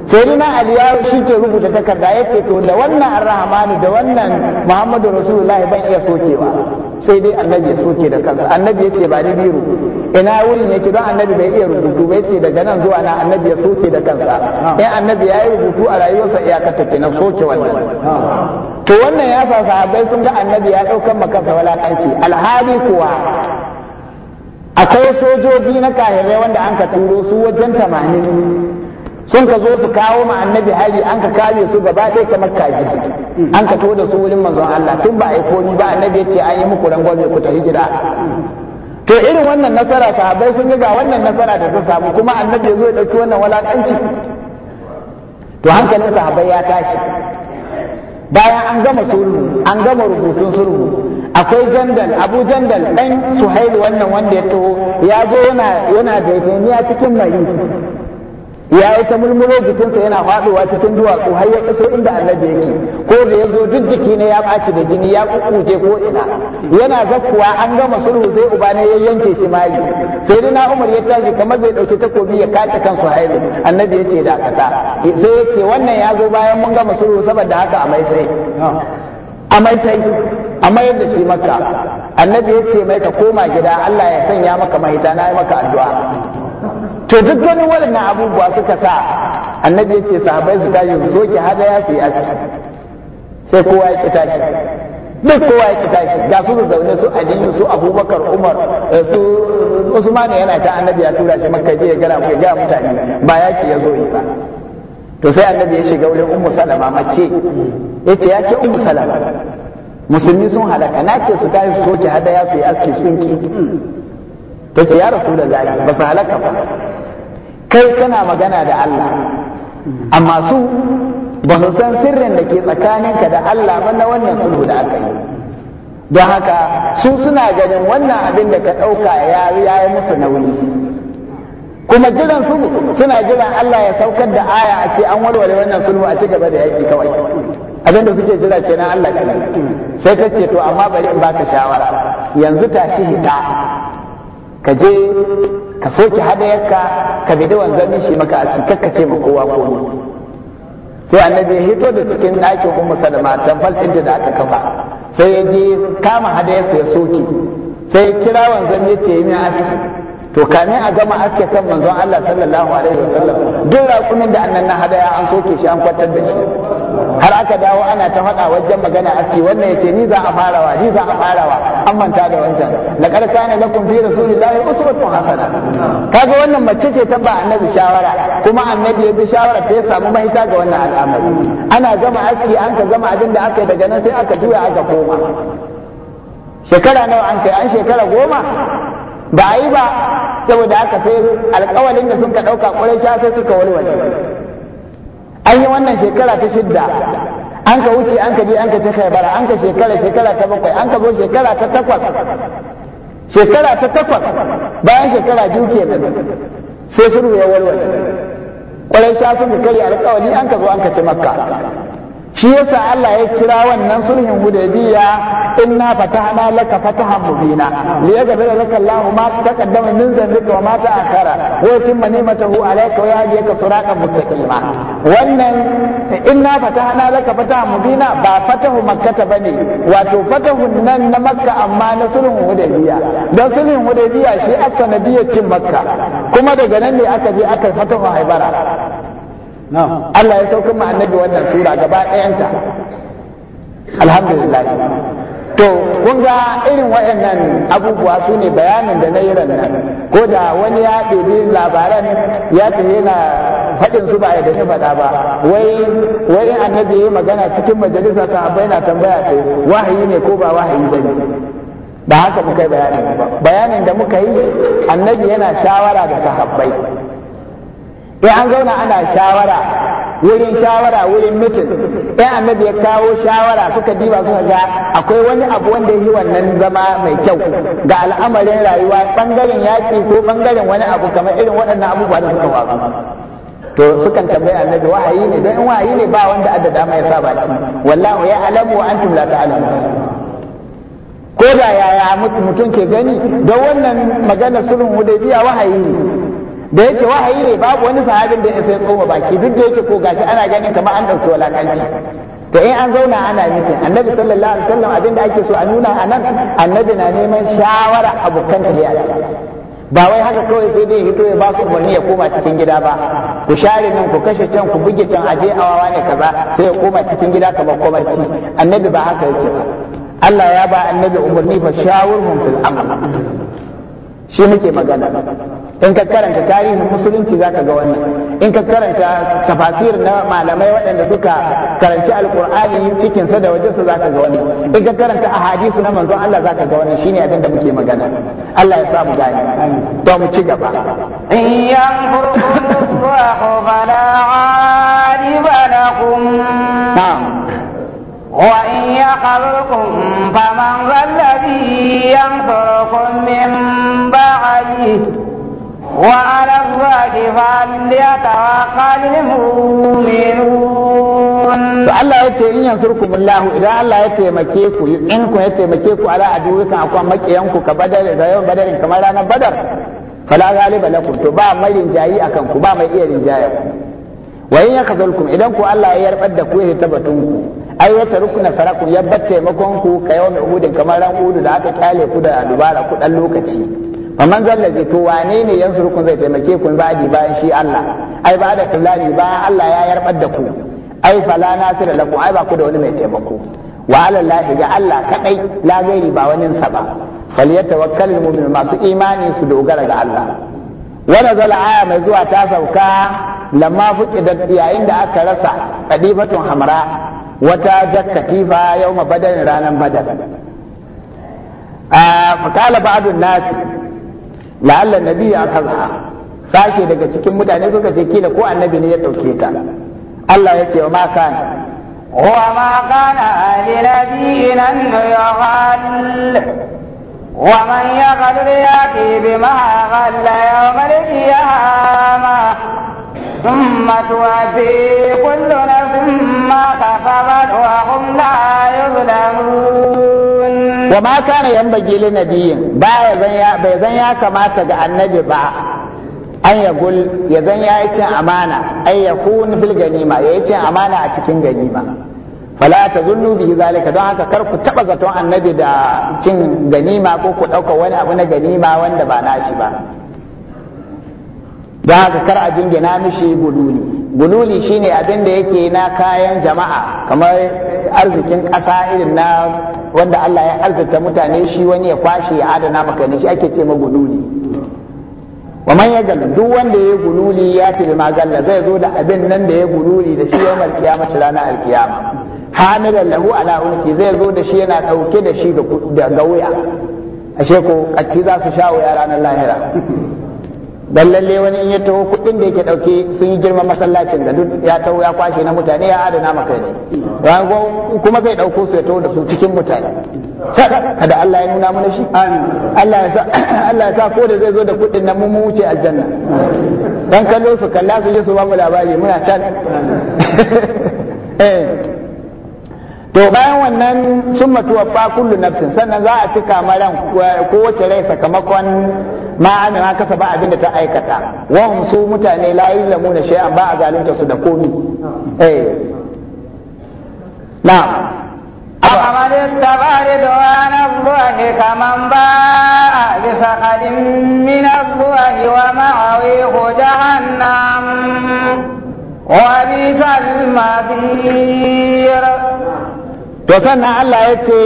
sai na ali shi ke rubuta takarda ya ce to da wannan arrahmanu da wannan muhammadu rasulullah ban iya sokewa sai dai annabi ya soke da kansa annabi ya ce ba ni biro ina wurin yake don annabi bai iya rubutu bai ce daga nan zuwa na annabi ya soke da kansa in annabi ya yi rubutu a rayuwarsa iyakarta kenan soke wannan to wannan ya sa sahabbai sun ga annabi ya ɗaukar makansa walakanci alhali kuwa akwai sojoji na kahirai wanda an ka turo su wajen tamanin sun ka zo su kawo ma annabi hali an ka kame su gaba ɗaya kamar kaji an ka to da su wurin manzon Allah tun ba a yi komi ba annabi ya ce an yi muku rangwame ku ta hijira to irin wannan nasara sahabbai sun ga wannan nasara da ta samu kuma annabi ya zo ya ɗauki wannan walakanci to hankalin sahabbai ya tashi bayan an gama sulhu an gama rubutun sulhu akwai jandal abu jandal ɗan suhailu wannan wanda ya taho ya zo yana yana da cikin mari ya yi ta mulmulo jikinsa yana faɗowa cikin duwatsu har ya iso inda annabi yake ko da ya zo duk jiki ne ya ɓaci da jini ya kukuje ko ina yana zakkuwa an gama sulhu sai uba ne ya yanke shi mali sai na umar ya tashi kamar zai ɗauki takobi ya kace kansu haili annabi ya ce dakata sai ya ce wannan ya zo bayan mun gama sulhu saboda haka a mai sai a mai sai a mai da shi maka annabi ya ce mai ka koma gida Allah ya sanya maka mahita na yi maka addu'a to duk wani waɗannan abubuwa suka sa annabi ya ce sahabai su tashi su soke hada su yi aski sai kowa ya kita shi duk kowa ya kita shi ga su zaune su aliyu su abubakar umar eh, su usman yana ta annabi ya tura shi makka je ya gana ya ga mutane ba yaki ya zo yi ba to sai annabi ya shiga wurin ummu salama mace yace ya ke ummu salama musulmi sun halaka na ce su tashi su soke hada su yi aski sun ki ta ce ya rasulullahi ba su halaka ba kai kana magana da Allah amma su ba su san sirrin da ke tsakaninka da Allah ba na wannan sulhu da aka yi don haka su suna ganin wannan abin da ka ɗauka ya yi musu nauyi kuma jiran su suna jiran Allah ya saukar da aya a ce an warware wannan sulhu a ci gaba da yaƙi kawai abinda suke jira kenan Allah ce sai ta ce to amma bari in baka shawara yanzu tashi hita ka je ka soke hadayarka ka bi dawan zannin shi maka a cikakka ce ma kowa komai sai annabi ya hito da cikin ɗakin ummu salama tamfal ɗinta da aka kafa sai ya je kama hadayarsa ya soke sai kira wanzan ya ce min aski to kamin a gama aske kan manzon Allah sallallahu alaihi wasallam duk raƙumin da annan na hadaya an soke shi an kwantar da shi har aka dawo ana ta faɗa wajen magana aski wannan ya ce ni za a farawa ni za a farawa an manta da wancan laqad kana lakum fi rasulillahi uswatun hasana kaga wannan mace ce ta ba annabi shawara kuma annabi ya bi shawara ta ya samu mahita ga wannan al'amari ana gama aski an ka gama abin da aka yi daga nan sai aka juya aka koma shekara nawa an kai an shekara goma ba a yi ba saboda aka sai alƙawalin da suka ɗauka ƙwarai sha sai suka walwale an yi wannan shekara ta shidda an ka wuce an ka je an ka ce kai bara an ka shekara shekara ta bakwai an ka zo shekara ta takwas shekara ta takwas bayan shekara biyu nan, sai sulhu ya walwala kwarai sha sun kai alƙawari an ka zo an ka ce makka shi yasa Allah ya kira wannan sulhin hudaybiya inna fatahna laka fatahan mubina li da laka Allahu ma taqaddama min dhanbika wa ma ta'akhara wa yutimma ni'matahu alayka wa yahdika siratan mustaqima wannan inna fatahna laka fatahan mubina ba fatahu makkata bane wato fatahu nan na makka amma na sulhin hudaybiya dan sulhin hudaybiya shi as cin makka kuma daga nan ne aka je aka fatahu haibara Allah ya saukar ma annabi wannan sura gaba ɗayanta alhamdulillah to kun ga irin wayannan abubuwa su ne bayanin da na yi nan ko da wani ya ɗebi labaran ya ce yana faɗin su ba da ni faɗa ba wai wai annabi ya magana cikin majalisa sahabbai na tambaya ce wahayi ne ko ba wahayi ba ne? ba haka muka yi bayanin ba bayanin da muka yi annabi yana shawara da sahabbai in an zauna ana shawara wurin shawara wurin mitin in annabi ya kawo shawara suka diba suka ga akwai wani abu wanda yi wannan zama mai kyau ga al'amarin rayuwa bangaren yaƙi ko bangaren wani abu kamar irin waɗannan abubuwa da suka faru to sukan tambayi annabi wahayi ne don in wahayi ne ba wanda adda dama ya sa baki wallahu ya alamu wa antum la ta'lamu ko da yaya mutum ke gani don wannan magana da hudaybiya wahayi ne da yake wahayi ne babu wani sahabin da ya sai tsoma baki duk da yake ko gashi ana ganin kamar an ɗauki walakanci to in an zauna ana mitin annabi sallallahu alaihi wasallam abinda ake so a nuna anan annabi na neman shawara abokan tafiya ba wai haka kawai sai dai hito ya ba su umarni ya koma cikin gida ba ku share nan ku kashe can ku buge can aje awawa ne kaza sai ya koma cikin gida kamar kwamarci annabi ba haka yake ba Allah ya ba annabi umarni fa shawurhum fil amr shi muke magana in ka karanta tarihin musulunci zaka ga wannan in ka karanta tafasir na malamai waɗanda suka karanci alkur'ani cikin sa da wajensa zaka ga wannan in ka karanta ahadisu na manzon Allah zaka ga wannan shine abin da muke magana Allah ya mu gane to mu ci gaba in وإن فمن ذا الذي ينصركم من بعده وعلى الله فليتوكل المؤمنون فالله yace in yansurkum Allah idan Allah ya taimake ku in ku ya taimake ku ala aduwikan akwai makiyan ku ka badar da yawan badarin kamar ranar badar fala galiba lakum to ba mai rinjayi akan ku ba mai iya rinjaya ku wa in yakhzulkum idan ku Allah ya yarbar da ku ya tabbatun ku ai ya tarukuna farakum ya bar taimakon ku ka yawan uhudin kamar ran udu da aka kyale ku da dubara ku dan lokaci zalla zai to wane ne rukun zai taimake ku ba'di bayan shi Allah ai ba da kullani ba Allah ya yarbar da ku ai fala nasira lakum ai ba ku da wani mai taimako wa alallahi ga Allah kadai la gairi ba wani sa ba falyatawakkalul mu'min masu imani su dogara ga Allah wa nazal aya mai zuwa ta sauka lamma da yayin da aka rasa qadifatun hamra wata jakkatifa yawma badar ranan badar a ah, kala ba'dun nasi la'alla nabi ya karha sashe daga cikin mutane suka ce kila ko annabi ne ya ɗauke ta Allah ya ce wa makana wa makana ali nan an yughal wa man yaghal ya ki bi ma ghalla yawm al ma. thumma tuwafi kullu nafsin ma kasabat wa hum la yuzlamun wa ma kana yanbaghi li nabiyyin ba bai zan ya kamata ga annabi ba an ya gul ya zan ya yi cin amana ay ya ganima ya yi cin amana a cikin ganima fala ta zullu bihi zalika don haka kar ku taba zaton annabi da cin ganima ko ku dauka wani abu na ganima wanda ba nashi ba don haka kar a jingina mishi gululi gululi shine abin da yake na kayan jama'a kamar arzikin ƙasa irin na wanda Allah ya arzata mutane shi wani ya kwashe ya adana maka ne shi ake ce ma gululi wa man ya duk wanda ya gululi ya fi ma magalla zai zo da abin nan da ya gululi da shi yawan alkiyama ta ranar alkiyama hamilan lahu ala unki zai zo da shi yana dauke da shi da gawuya ashe ko katti za su sha wuya ranar lahira dan lalle wani in ya taho kuɗin da yake ɗauke sun yi girman masallacin da duk ya taho ya kwashe na mutane ya adana maka ne kuma zai ɗauko su ya taho da su cikin mutane kada Allah ya nuna mana shi Allah ya sa ko da zai zo da kuɗin nan mu wuce aljanna dan kallo su kalla su je su ba mu labari muna can eh to bayan wannan sun matuwa fa kullu nafsin sannan za a cika maran eh, wace rai sakamakon ma amina kasa ba abin da ta aikata wa su mutane la yalamu na shay'an ba a zalunta su da komi eh na أفمن اتبع رضوان الله كمن باء بسخط من الله ومأويه جهنم وبئس المصير to sannan Allah ya ce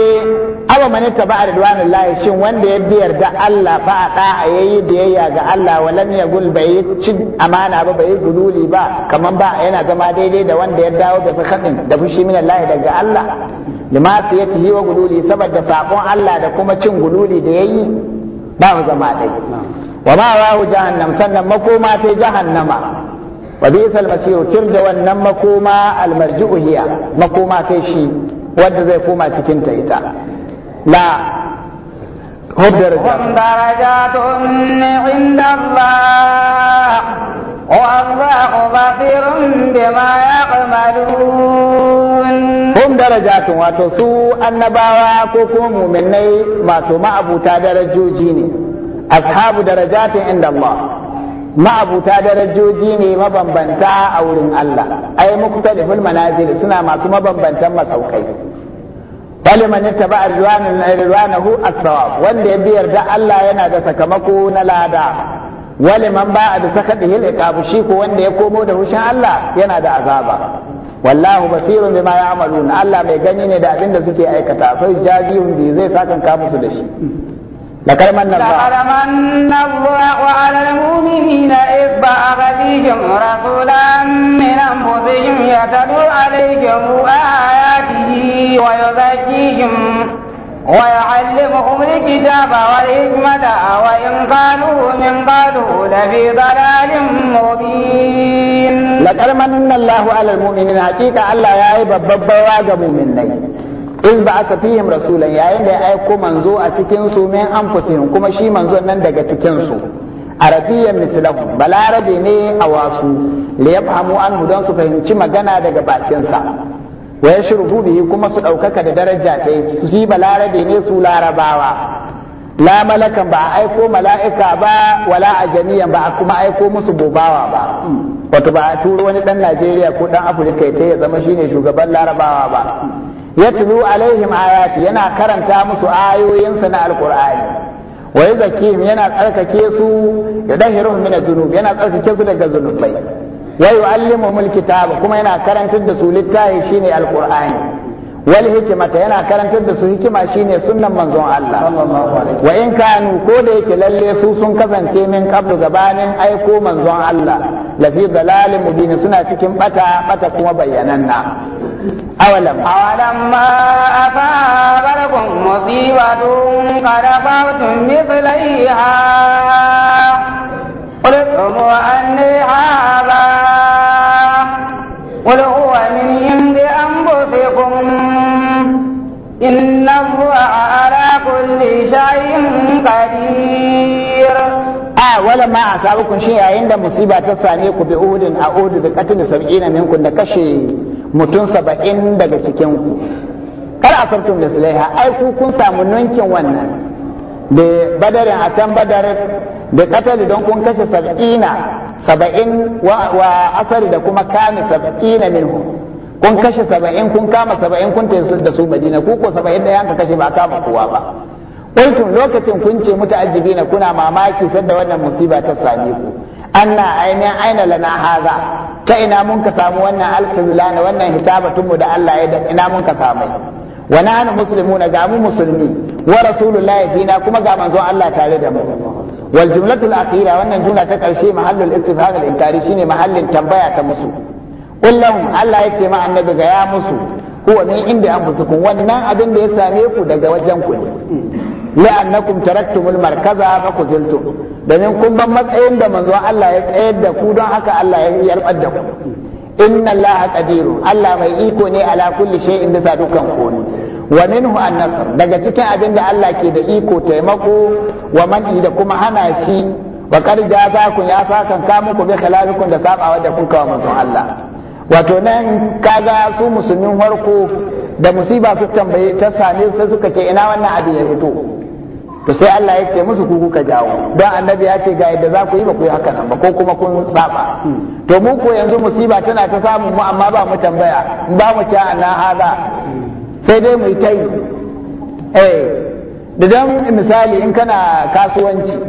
awa mani ta a ridwanin lahi shin wanda ya biyar da Allah ba a a yayi biyayya ga Allah walam ya gul bai ci amana ba bai gululi ba Kamar ba yana zama daidai da wanda ya dawo da sakadin da fushi min Allah daga Allah lima su yake yi wa gululi saboda sakon Allah da kuma cin gululi da yayi ba mu zama dai wa ma rahu jahannam sannan makoma ta jahannama wa bi'sal masir tir da wannan makoma almarji'u hiya makoma ta shi wadda zai koma cikin ta ita la hudar darajatun inda Allah Allah basirun bima ya'malun hum darajatun wato su annabawa ko kuma mu'minai wato ma'abuta darajoji ne ashabu darajatin inda Allah ma'abuta darajoji ne mabambanta a wurin Allah ai muku talifin manazil suna masu mabambantan masaukai faliman na ridwanan ridwanahu as-sawab wanda ya bi yarda Allah yana da sakamako na lada waliman ba'a bi da al shi ko wanda ya komo da hushin Allah yana da azaba wallahu basirun bima ya'malun Allah mai gani ne da abinda suke aikata fai jazihum bi zai sakan ka musu da shi لقد من الله لقد من الله على المؤمنين إذ بعث فيكم رسولا من أنفسهم يتلو عليكم آياته ويزكيكم ويعلمكم الكتاب والحكمة وإن كانوا من قبل لفي ضلال مبين لقد من الله على المؤمنين حقيقة الله يا بابا واجب مؤمنين in ba asa fihim rasulan yayin da ya aiko manzo a cikin su min anfusihim kuma shi manzo nan daga cikin su arabiyyan mislahu balarabe ne a wasu li yafhamu anhu don su fahimci magana daga bakin sa wa yashrubu bihi kuma su daukaka da daraja ta shi balarabe ne su larabawa la malakan ba aiko mala'ika ba wala ajamiyan ba kuma aiko musu bobawa ba wato ba a turo wani dan Najeriya ko dan Afirka ya zama shine shugaban larabawa ba yatlu alaihim ayati yana karanta musu ayoyinsa na alqur'ani wa yuzakkihim yana tsarkake su yadahiruhum min adh yana tsarkake su daga zunubai wa yu'allimuhum alkitaba kuma yana karantar da su littafi shine alqur'ani wal hikimata yana karantar da su hikima shine sunnan manzon Allah wa in kanu ko da yake lalle su sun kasance min qablu gabanin aiko manzon Allah fi dalalin mubin suna cikin bata bata kuma bayyananna awalam awalam ma barakum musibatun qad afatum qul qultum anni hada qul شيء قدير a wala ma a kun shi yayin da musiba ta same ku bi uhudin a uhudu da katin sab'ina minkum da kashe mutum saba'in daga cikin ku kar a sabtun da sulaiha ai ku kun samu nunkin wannan da badarin a can badar da katali don kun kashe sab'ina saba'in wa asari da kuma kame sab'ina minhum kun kashe saba'in kun kama saba'in kun tayi da su madina ku ko saba'in da yanka kashe ba kama kowa ba kuntum lokacin kun ce na kuna mamaki sadda wannan musiba ta same ku anna ainihin aina lana haza ta ina mun ka samu wannan na wannan hitabatunmu da Allah ya ina mun ka samu wa nahnu muslimuna ga mu musulmi wa rasulullahi fina kuma ga manzon Allah tare da mu wal jumlatul akhira wannan jumla ta karshe mahallul istifham al inkari shine mahallin tambaya ta musu kullum Allah ya ce ma annabi ga ya musu huwa min inda anfusukum wannan abin da ya same ku daga wajen ku ne li'annakum taraktumul markaza fa kuziltum domin kun ban matsayin da manzo Allah ya tsayar da ku don haka Allah ya yarbar da ku inna Allah qadiru Allah mai iko ne a kulli shay'in bisa dukkan wa minhu an daga cikin abin da Allah ke da iko taimako wa man'i da kuma hana shi wa qad jazakum ya sakan ka muku bi khilafikum da sabawa da kun kawo manzon Allah wato nan kaga su musulmin farko da musiba su tambaye ta same su sai suka ce ina wannan abin ya fito to sai Allah ya ce musu ku kuka jawo don annabi ya ce ga yadda za ku yi ba ku yi haka ba ko kuma kun saba to mu ko yanzu musiba tana ta samu mu amma ba mu tambaya ba mu ci anna haza sai dai mu yi tai eh da dan misali in kana kasuwanci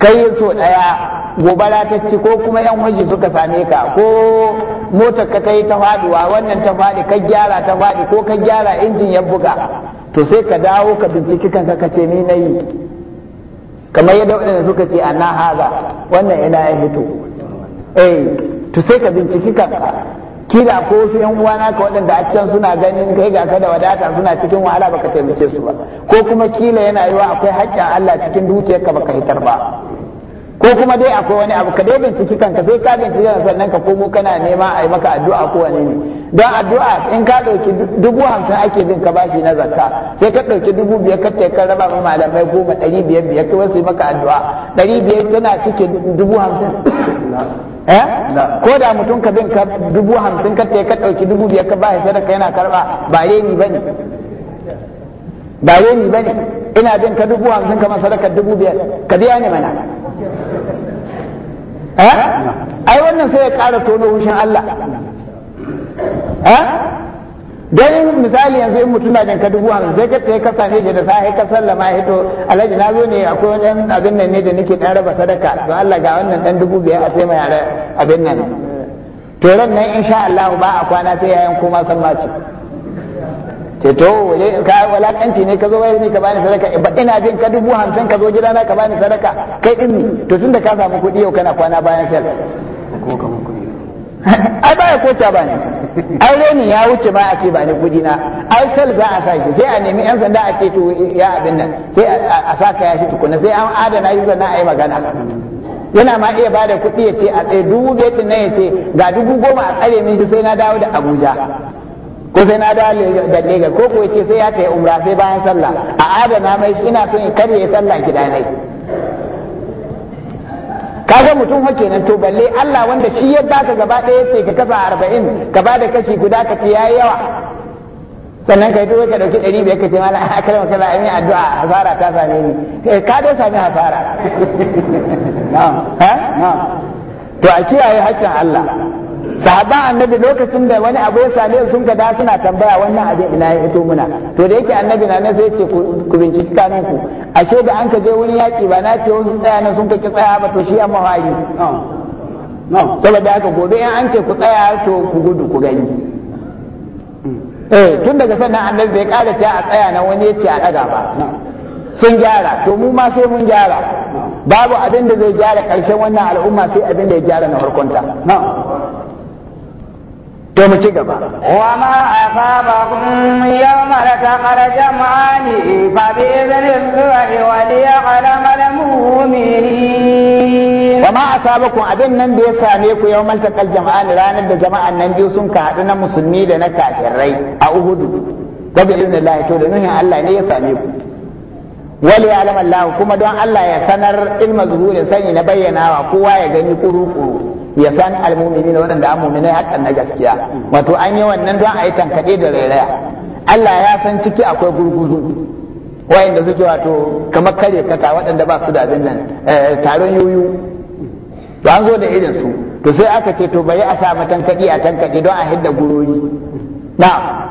kai so ɗaya gobara ta ci ko kuma yan waje suka same ka ko motar ka ta yi ta faɗuwa wannan ta faɗi ka gyara ta faɗi ko ka gyara injin ya buga to sai ka dawo ka binciki kanka ka ce ni na kamar yadda waɗanda suka ce a haza wannan ina ya hito eh to sai ka binciki kanka kila ko su yan uwana ka waɗanda a can suna ganin kai ga ka da wadata suna cikin wahala baka taimake su ba ko kuma kila yana yiwa akwai haƙƙin Allah cikin dukiyarka baka hitar ba ko kuma dai akwai wani abu ka dai binciki kanka sai ka binciki kanka sannan ka komo kana nema a yi maka addu'a ko wani ne don addu'a in ka ɗauki dubu hamsin ake bin ka bashi na zakka sai ka ɗauki dubu biyar ka ta ka raba mai malamai goma ɗari biyar biyar ka wasu maka addu'a ɗari biyar tana cikin dubu hamsin eh? ko da mutum ka bin ka dubu hamsin ka ta ka ɗauki dubu biyar ka bashi sadaka yana karɓa ba reni ba ne ba reni ba ne ina bin ka dubu hamsin kamar sadaka dubu biyar ka biya ni mana Eh? ai wannan sai ya ƙara tono hushin Allah eh? don misali yanzu in mutum na ganka dubu hamsin sai ka kasa same je da sahi ka sallama ya hito alhaji na zo ne akwai wani abin nan ne da nake ɗan raba sadaka don Allah ga wannan ɗan dubu biyar a sai mai abin nan to ran nan insha Allah ba a kwana sai yayan koma sammaci ce to ka walakanci ne ka zo wayar ni ka bani sadaka ba ina bin ka dubu hamsin ka zo na ka bani sadaka kai din ne to tunda ka samu kuɗi yau kana kwana bayan sel ai baya ko ta bani ai reni ya wuce ma a ce ba ne kuɗi na ai sal za a sa sai a nemi yan sanda a ce to ya abin nan sai a saka ya shi tukuna sai an adana yi sannan a yi magana yana ma iya bada kuɗi ya ce a tsaye dubu biyar ya ce ga dubu goma a tsare min shi sai na dawo da abuja ko sai na da Legas ko kuwa ce sai ya kai umra sai bayan sallah a adana mai shi ina son in ya sallah gida nai kaga mutum hake nan to balle Allah wanda shi ya baka gaba ɗaya yace ka kasa arba'in ka bada kashi guda ka ce yayi yawa sannan kai duk ka dauki ɗari biyar ka ce mana a kalma kaza an yi addu'a hasara ta same ni eh, ka dai sami hasara na'am ha na'am to a kiyaye hakkin Allah sahaba annabi lokacin da wani abu ya same sun kada suna tambaya wannan abin ina ya fito muna to da yake annabi na nan sai ya ce ku binciki kanin ku ashe da an ka je wurin yaki ba na ce wasu tsaya nan sun ka ki tsaya ba to shi amma hari saboda haka gobe in an ce ku tsaya to ku gudu ku gani eh tun daga sannan annabi bai kada ta a tsaya nan wani ya ce a daga ba sun gyara to mu ma sai mun gyara babu abin da zai gyara karshen wannan al'umma sai abin da ya gyara na farkonta na'am to mu ci gaba wa ma asabakum yawma taqal jam'ani fa bi idhnillahi wa liya'lamal mu'minin wa ma asabakum abin nan da ya same ku yawmal taqal ne, ranar da jama'an nan biyu sun ka na musulmi da na kafirai a Uhud wa bi idhnillahi to da nuhin Allah ne ya same ku wal ya'lamal lahu kuma don Allah ya sanar ilma zuhurin sani na bayyanawa kowa ya gani kuru kuru ya sani almumini na waɗanda amuminai hakan na gaskiya wato an yi wannan don a yi tankaɗe da rairaya Allah ya san ciki akwai gurguzu wayanda suke wato kamar kare kata waɗanda ba su da abin nan eh, taron yoyo. to an zo da irin su to sai aka ce to bari a sami matankaɗi a tankaɗe don a hidda gurori na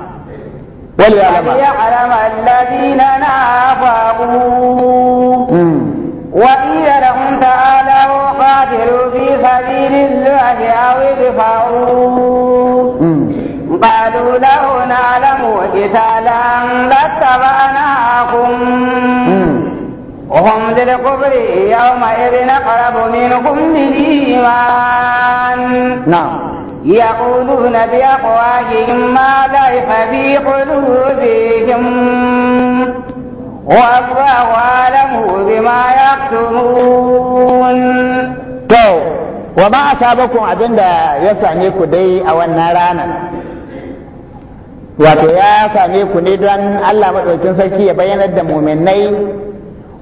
قاتلوا في سبيل الله أو ادفعوا قالوا لو نعلم قتالا لاتبعناكم وهم للكفر يومئذ أقرب منكم للإيمان نعم يقولون بأفواههم ما ليس في قلوبهم والله أعلم بما يكتمون to wa ma asabakum abinda ya same ku dai a wannan ranar wato ya same ku ne don Allah maɗaukin sarki ya bayyanar da muminai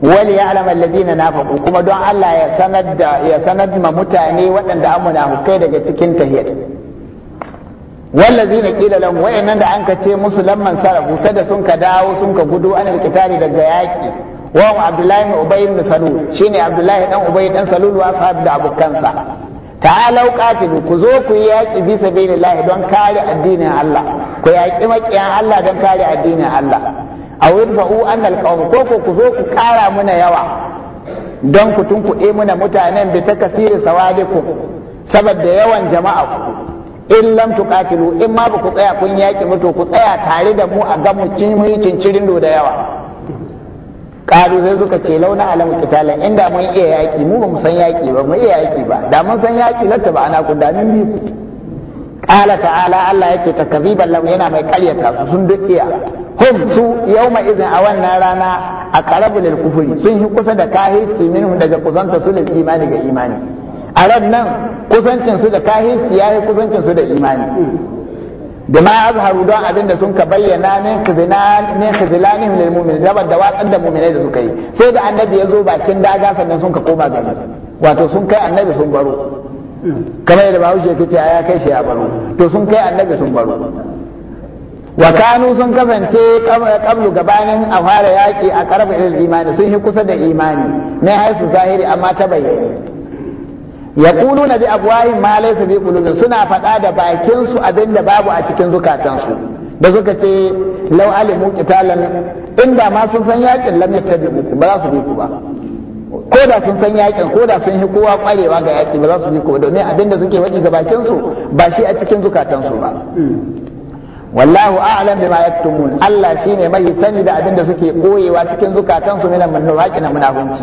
wali ya alama na nafaqu kuma don Allah ya sanar ma mutane waɗanda na hukai daga cikin tahiyyat wallazina qila lahum wa'annan da an ce musu lamman sarafu sada sun ka dawo sun ka gudu an rikitari daga yaki Wawan abdullahi ibn ubay ibn salul shine abdullahi dan ubay dan salul wa sahabi da abokansa ta'alau qatilu ku zo ku yaki bi sabilillahi don kare addinin Allah ku yaƙi makiyan Allah don kare addinin Allah aw irfa'u fau an ko ko ku zo ku ƙara muna yawa don ku tunkuɗe muna mutanen bi takasiri sawadikum saboda yawan jama'a ku in lam tuqatilu in ma ba ku tsaya kun yaki mutu ku tsaya tare da mu a gamu cin cincirin da yawa zai sai suka ce launa alam kitalan inda mun iya yaƙi mu ba mu san yaƙi ba mu iya yaƙi ba da mun san yaƙi latta ba ana kun damin biyu ƙala ta'ala Allah ya ce takaziban lahu yana mai karyata su sun duk iya hum su yauma izin a wannan rana a karabu lil kufuri sun yi kusa da kahirci minhu daga kusanta su lil imani ga imani a ran nan kusancin su da kahirci yayi kusancin su da imani bima azharu don abinda sun ka bayyana min kizina min khizlanihim lil mu'minin da wadda watsar da mu'minai da suka yi sai da annabi ya zo bakin daga sannan sun ka koma gari wato sun kai annabi sun baro kamar yadda bahaushe yake cewa ya kai shi ya baro to sun kai annabi sun baro wa kanu sun kasance qablu gabanin a fara yaki a karba ilal imani sun yi kusa da imani ne haisu zahiri amma ta bayyane na bi afwahihim ma laysa bi qulubihim suna fada da bakin su abinda babu a cikin zukatansu da suka ce law alimu qitalan inda ma sun san yakin lam yattabi'u ba za su bi ku ba ko da sun san yakin ko da sun yi kowa kwarewa ga yaki ba za su bi ku domin abinda suke faɗi ga bakin su ba shi a cikin zukatansu ba wallahu a'lam bima yaktumun Allah shine mai sani da abinda suke koyewa cikin zukatansu minan munafiki na munafunci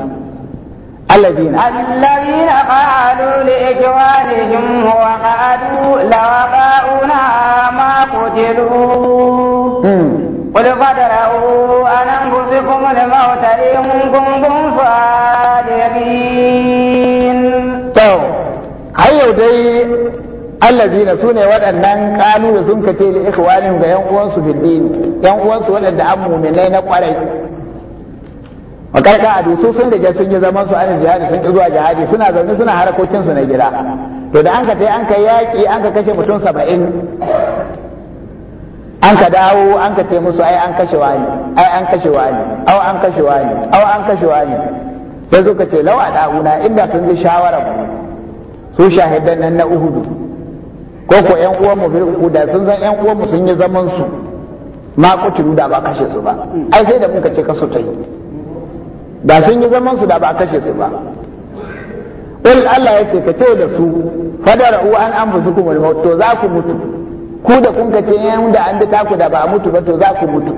الذين الذين قالوا لإخوانهم وقالوا لوقاؤنا ما قتلوا قل فدروا أن أنفسكم الموت إن كنتم صادقين تو هيو دي الذين سنة waɗannan قالوا لزمكتي لإخوانهم kace li ikhwanihim ga yan uwansu bid din yan wa karka a su sun da sun yi zaman su anin jihadi sun zuwa jihadi suna zaune suna harakokin su na gida to da an ka tai an ka yaki an ka kashe mutum saba'in an ka dawo an ka ce musu ai an kashe wani ai an kashe wani au an kashe wani au an kashe wani sai ka ce lawa da'una inda sun bi shawarar su shahidan nan na uhudu ko ko yan uwan mu bil uhuda sun zan yan uwan mu sun yi zaman su ma kuturu da ba kashe su ba ai sai da muka ce kasu ta yi ba sun yi zaman su da ba a kashe su ba ul Allah yace ka ce da su u an anfusukum al-maut to za ku mutu ku da kun kace yan da an da taku da ba a mutu ba to za ku mutu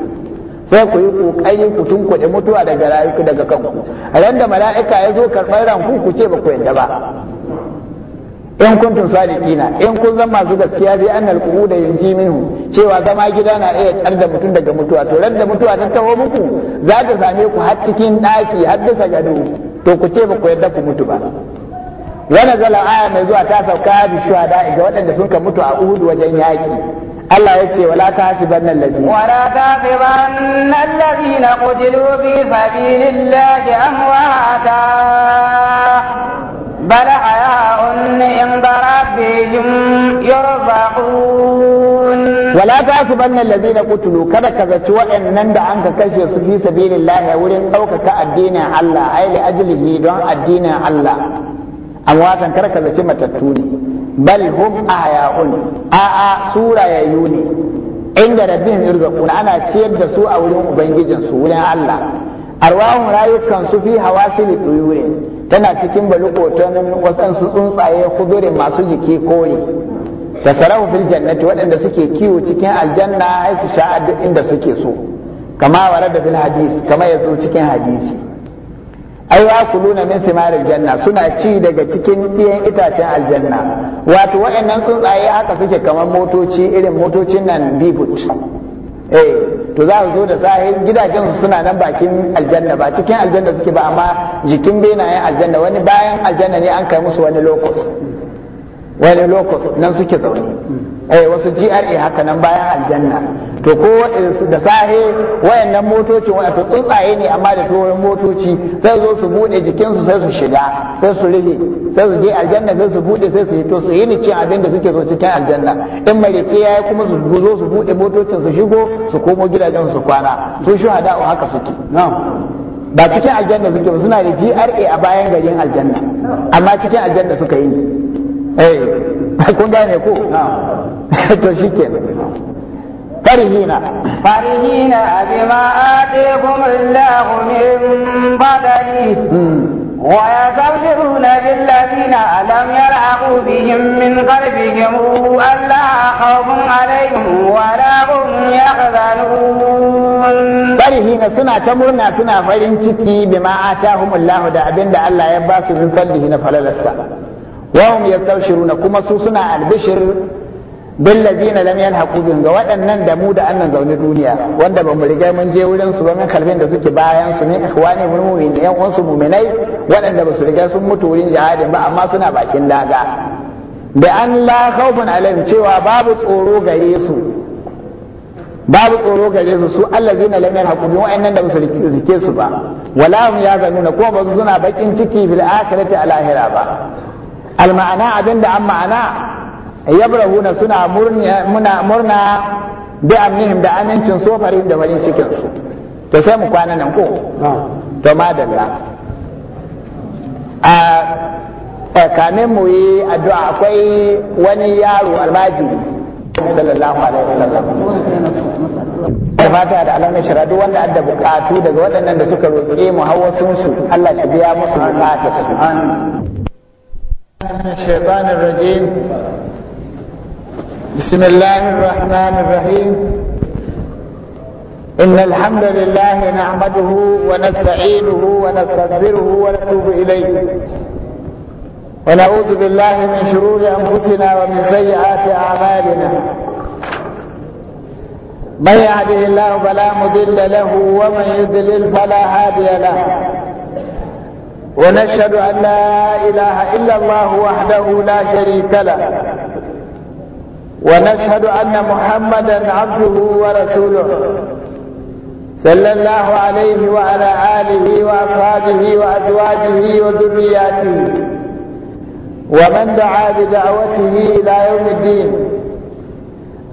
sai ku yi kokari ku tunkuɗe mutuwa daga rayuwa daga kanku ran da mala'ika ya zo karɓar ranku ku ce ba ku yadda ba in kuntum sadiqina in kun zama masu gaskiya bi annal da yinji minhu cewa zama gida na iya tsar da mutum daga mutuwa to ran da mutuwa ta taho muku za ta same ku har cikin ɗaki, har da gado to ku ce ba ku yarda ku mutu ba wani zala aya mai zuwa ta sauka bi shuhada ga waɗanda sun ka mutu a Uhud wajen yaki Allah ya ce wala tahsibanna allazina wala na na qutilu bi sabilillahi amwata بل حياء عند ربهم يرزقون ولا تحسبن الذين قتلوا kada ka zaci waɗannan da an ka kashe su fi sabilillahi wurin ɗaukaka addinin Allah ai li ajlihi don addinin Allah amwatan kada ka zaci matattu ne bal hum ahya'un a'a surayayyu ne inda rabbihim yurzaquna ana ciyar da su a wurin ubangijinsu wurin Allah arwahun rayukan su fi hawasili uyurin tana cikin balikoton waɗansu tsuntsaye kudurin masu jiki kore da sarahu fil jannati waɗanda suke kiwo cikin aljanna ai su sha duk inda suke so kama wara da fil hadis kama ya zo cikin hadisi ai wa kuluna min simaril janna suna ci daga cikin ɗiyan itacen aljanna wato waɗannan tsuntsaye haka suke kamar motoci irin motocin nan bibut eh to za su zo da sahin gidajen su suna nan bakin aljanna ba cikin aljanna suke ba amma jikin benayen aljanna wani bayan aljanna ne an kai musu wani lokaci wani lokaci nan suke zaune eh wasu GRA haka nan bayan aljanna to ko waɗansu da sahe wayannan motoci to tsuntsaye ne amma da tsohon motoci sai zo su bude jikinsu sai su shiga sai su rige sai su je aljanna sai su bude sai su yi to su ni cin abin da suke zo cikin aljanna in mai marice yayi kuma su zo su bude motocin su shigo su komo gidajen su kwana su shuhada haka suke ba cikin aljanna suke ba suna da GRA a bayan garin aljanna amma cikin aljanna suka yi ne eh kun gane ko to shikenan فرهين فرهين بما آتيكم الله من بدنه ويستبشرون بالذين لم يلحقوا بهم من قلبهم ألا خوف عليهم ولا هم يحزنون فرهين سنة تمرنا سنة فرين تكي بما آتاهم الله دا أبين دا الله يباسوا من فضله نفلل السلام wahum yastabshiruna kuma su suna albishir billadina lam yanhaqu bihim ga waɗannan da mu da annan zaune duniya wanda ba mu riga mun je wurin su ba min kalbin da suke bayan su ne ikhwani mun mu'min yan uwansu mu'minai waɗanda ba su riga sun mutu wurin jihadin ba amma suna bakin daga da an la khawfun alaihim cewa babu tsoro gare su babu tsoro gare su su allazina lam yanhaqu bihim wa'annan da ba su rike su ba wala hum yazanuna kuma ba su suna bakin ciki bil akhirati lahira ba alma'ana abin da an ma'ana yabrahuna suna murna murna bi amnihim da amincin sofari da farin cikin su to sai mu kwana nan ko to madalla a kamin mu yi addu'a akwai wani yaro almaji sallallahu alaihi wasallam da fata da alamun shara duk wanda adda bukatu daga waɗannan da suka roƙe mu hawa sun su Allah shi biya musu bukatar su من الشيطان الرجيم بسم الله الرحمن الرحيم إن الحمد لله نعمده ونستعينه ونستغفره ونتوب إليه ونعوذ بالله من شرور أنفسنا ومن سيئات أعمالنا من يهده الله فلا مضل له ومن يضلل فلا هادي له ونشهد أن لا إله إلا الله وحده لا شريك له ونشهد أن محمدا عبده ورسوله صلى الله عليه وعلى آله وأصحابه وأزواجه وذرياته ومن دعا بدعوته إلى يوم الدين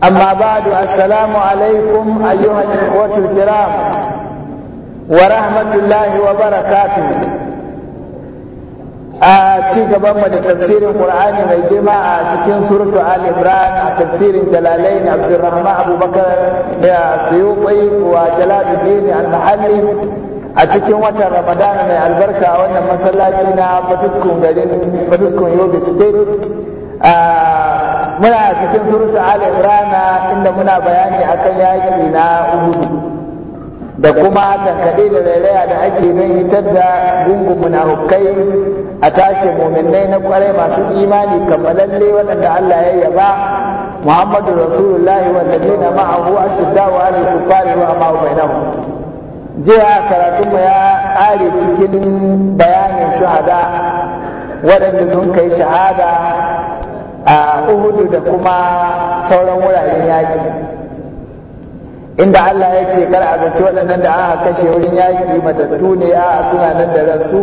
أما بعد السلام عليكم أيها الإخوة الكرام ورحمة الله وبركاته a ci gaban mu da tafsirin Qur'ani mai girma a cikin suratu Ali Imran a tafsirin Jalalain Abdurrahman Abubakar da Suyuqi wa Jalaluddin Al-Mahalli a cikin watan Ramadan mai albarka a wannan masallaci na Fatuskun garin Fatuskun Yobe State muna cikin suratu Ali Imran inda muna bayani akan yaki na Uhud da kuma tankaɗe da rairaya da ake mai hitar da gungun munafukai a tace muminai na kwarai masu imani kammalalle waɗanda Allah ya yaba Muhammadu Rasulullahi na ma'ahu ashiddaw 'alal kuffari ruhamaa'u bainahum jiya karatun mu ya ƙare cikin bayanin shahada waɗanda sun kai shahada a Uhudu da kuma sauran wuraren yaƙi inda Allah ya ce kar a zaci waɗannan da aka kashe wurin yaƙi matattu ne a suna nan da ransu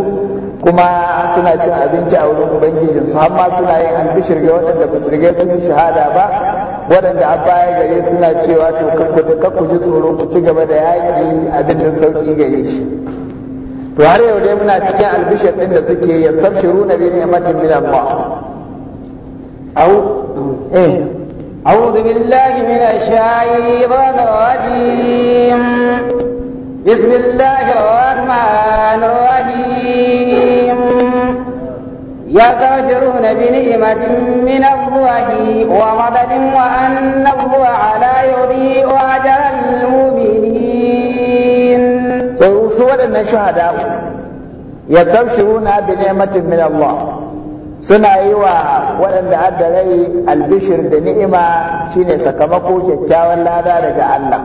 kuma suna cin abinci a wurin ubangijin su Amma suna yin albishir ga waɗanda ba su riga sun shahada ba waɗanda a baya gare suna cewa to kakku ji tsoro ku ci gaba da yaƙi abin da sauƙi gare shi to har yau dai muna cikin albishir ɗin da suke yastabshiruna bi ni'matin min Allah au eh أعوذ بالله من الشيطان الرجيم بسم الله الرحمن الرحيم يستبشرون بنعمة من الله ومدد وأن الله لا يضيء أجر المؤمنين سوى لنا شهداء يستبشرون بنعمة من الله suna yi wa waɗanda adda rai albishir da ni'ima shine sakamako kyakkyawan lada daga Allah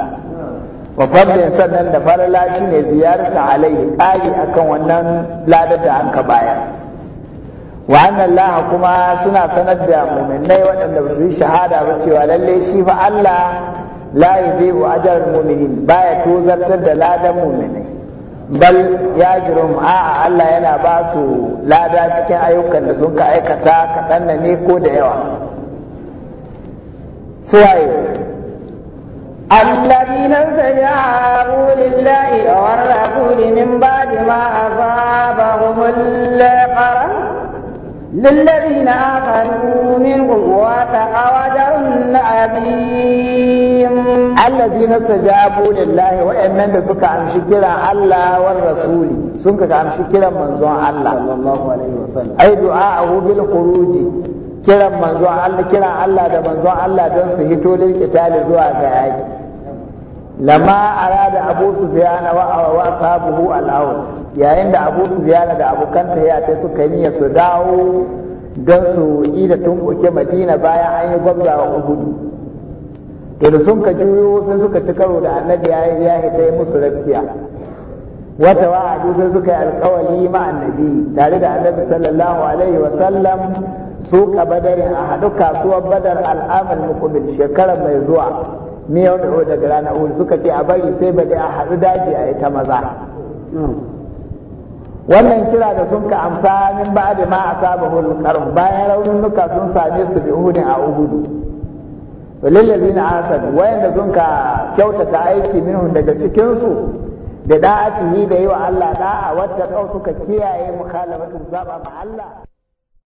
mafadin sannan da farala shine ziyarta alaihi ƙari akan wannan lada da an ka bayar wa'annan laha kuma suna sanar da muminai waɗanda ba su yi shahada ba cewa lalle shi fa Allah la yudibu ajral mu'minin baya tozartar da ladan muminai bal ya jirum a'a Allah yana ba su lada cikin ayyukan da sun ka aikata kaɗan na ne ko da yawa suwaye الذين استجابوا لله والرسول من بعد ما أصابهم القرح للذين آمنوا منهم واتقوا عظيم الذين استجابوا لله وإن من سك عن شكرا الله والرسول سنك عن شكرا من زوان الله صلى الله عليه وسلم أي دعاءه بالخروج كرا من زوان الله كرا الله ده من زوان الله دون سهيتو للقتال زوان كهاجي لما أراد أبو سفيان وأصحابه الأول yayin da abu su biya da abokan tahiya sai suka yi niyyar su dawo don su yi da tunkuke madina bayan an yi gwabza wa uhudu da sun ka juyo sai suka ci karo da annabi ya yi ya hita musu rafiya wata wa'adi sai suka yi alkawali ma annabi tare da annabi sallallahu alaihi wa sallam su ka badarin a haɗu kasuwar badar al'amal mukumin shekarar mai zuwa miyau da da ranar suka ce a bari sai bade a haɗu daji a ita maza hmm. wannan kira da sun ka amsa min ba da ma a saba qarb bayan raunuka sun same su bi uhud a uhud walillazina asad wayanda sun ka kyautata aiki min daga cikin su da da'atihi da yi wa Allah da'a wata kau suka kiyaye mukhalafatu zaba ma Allah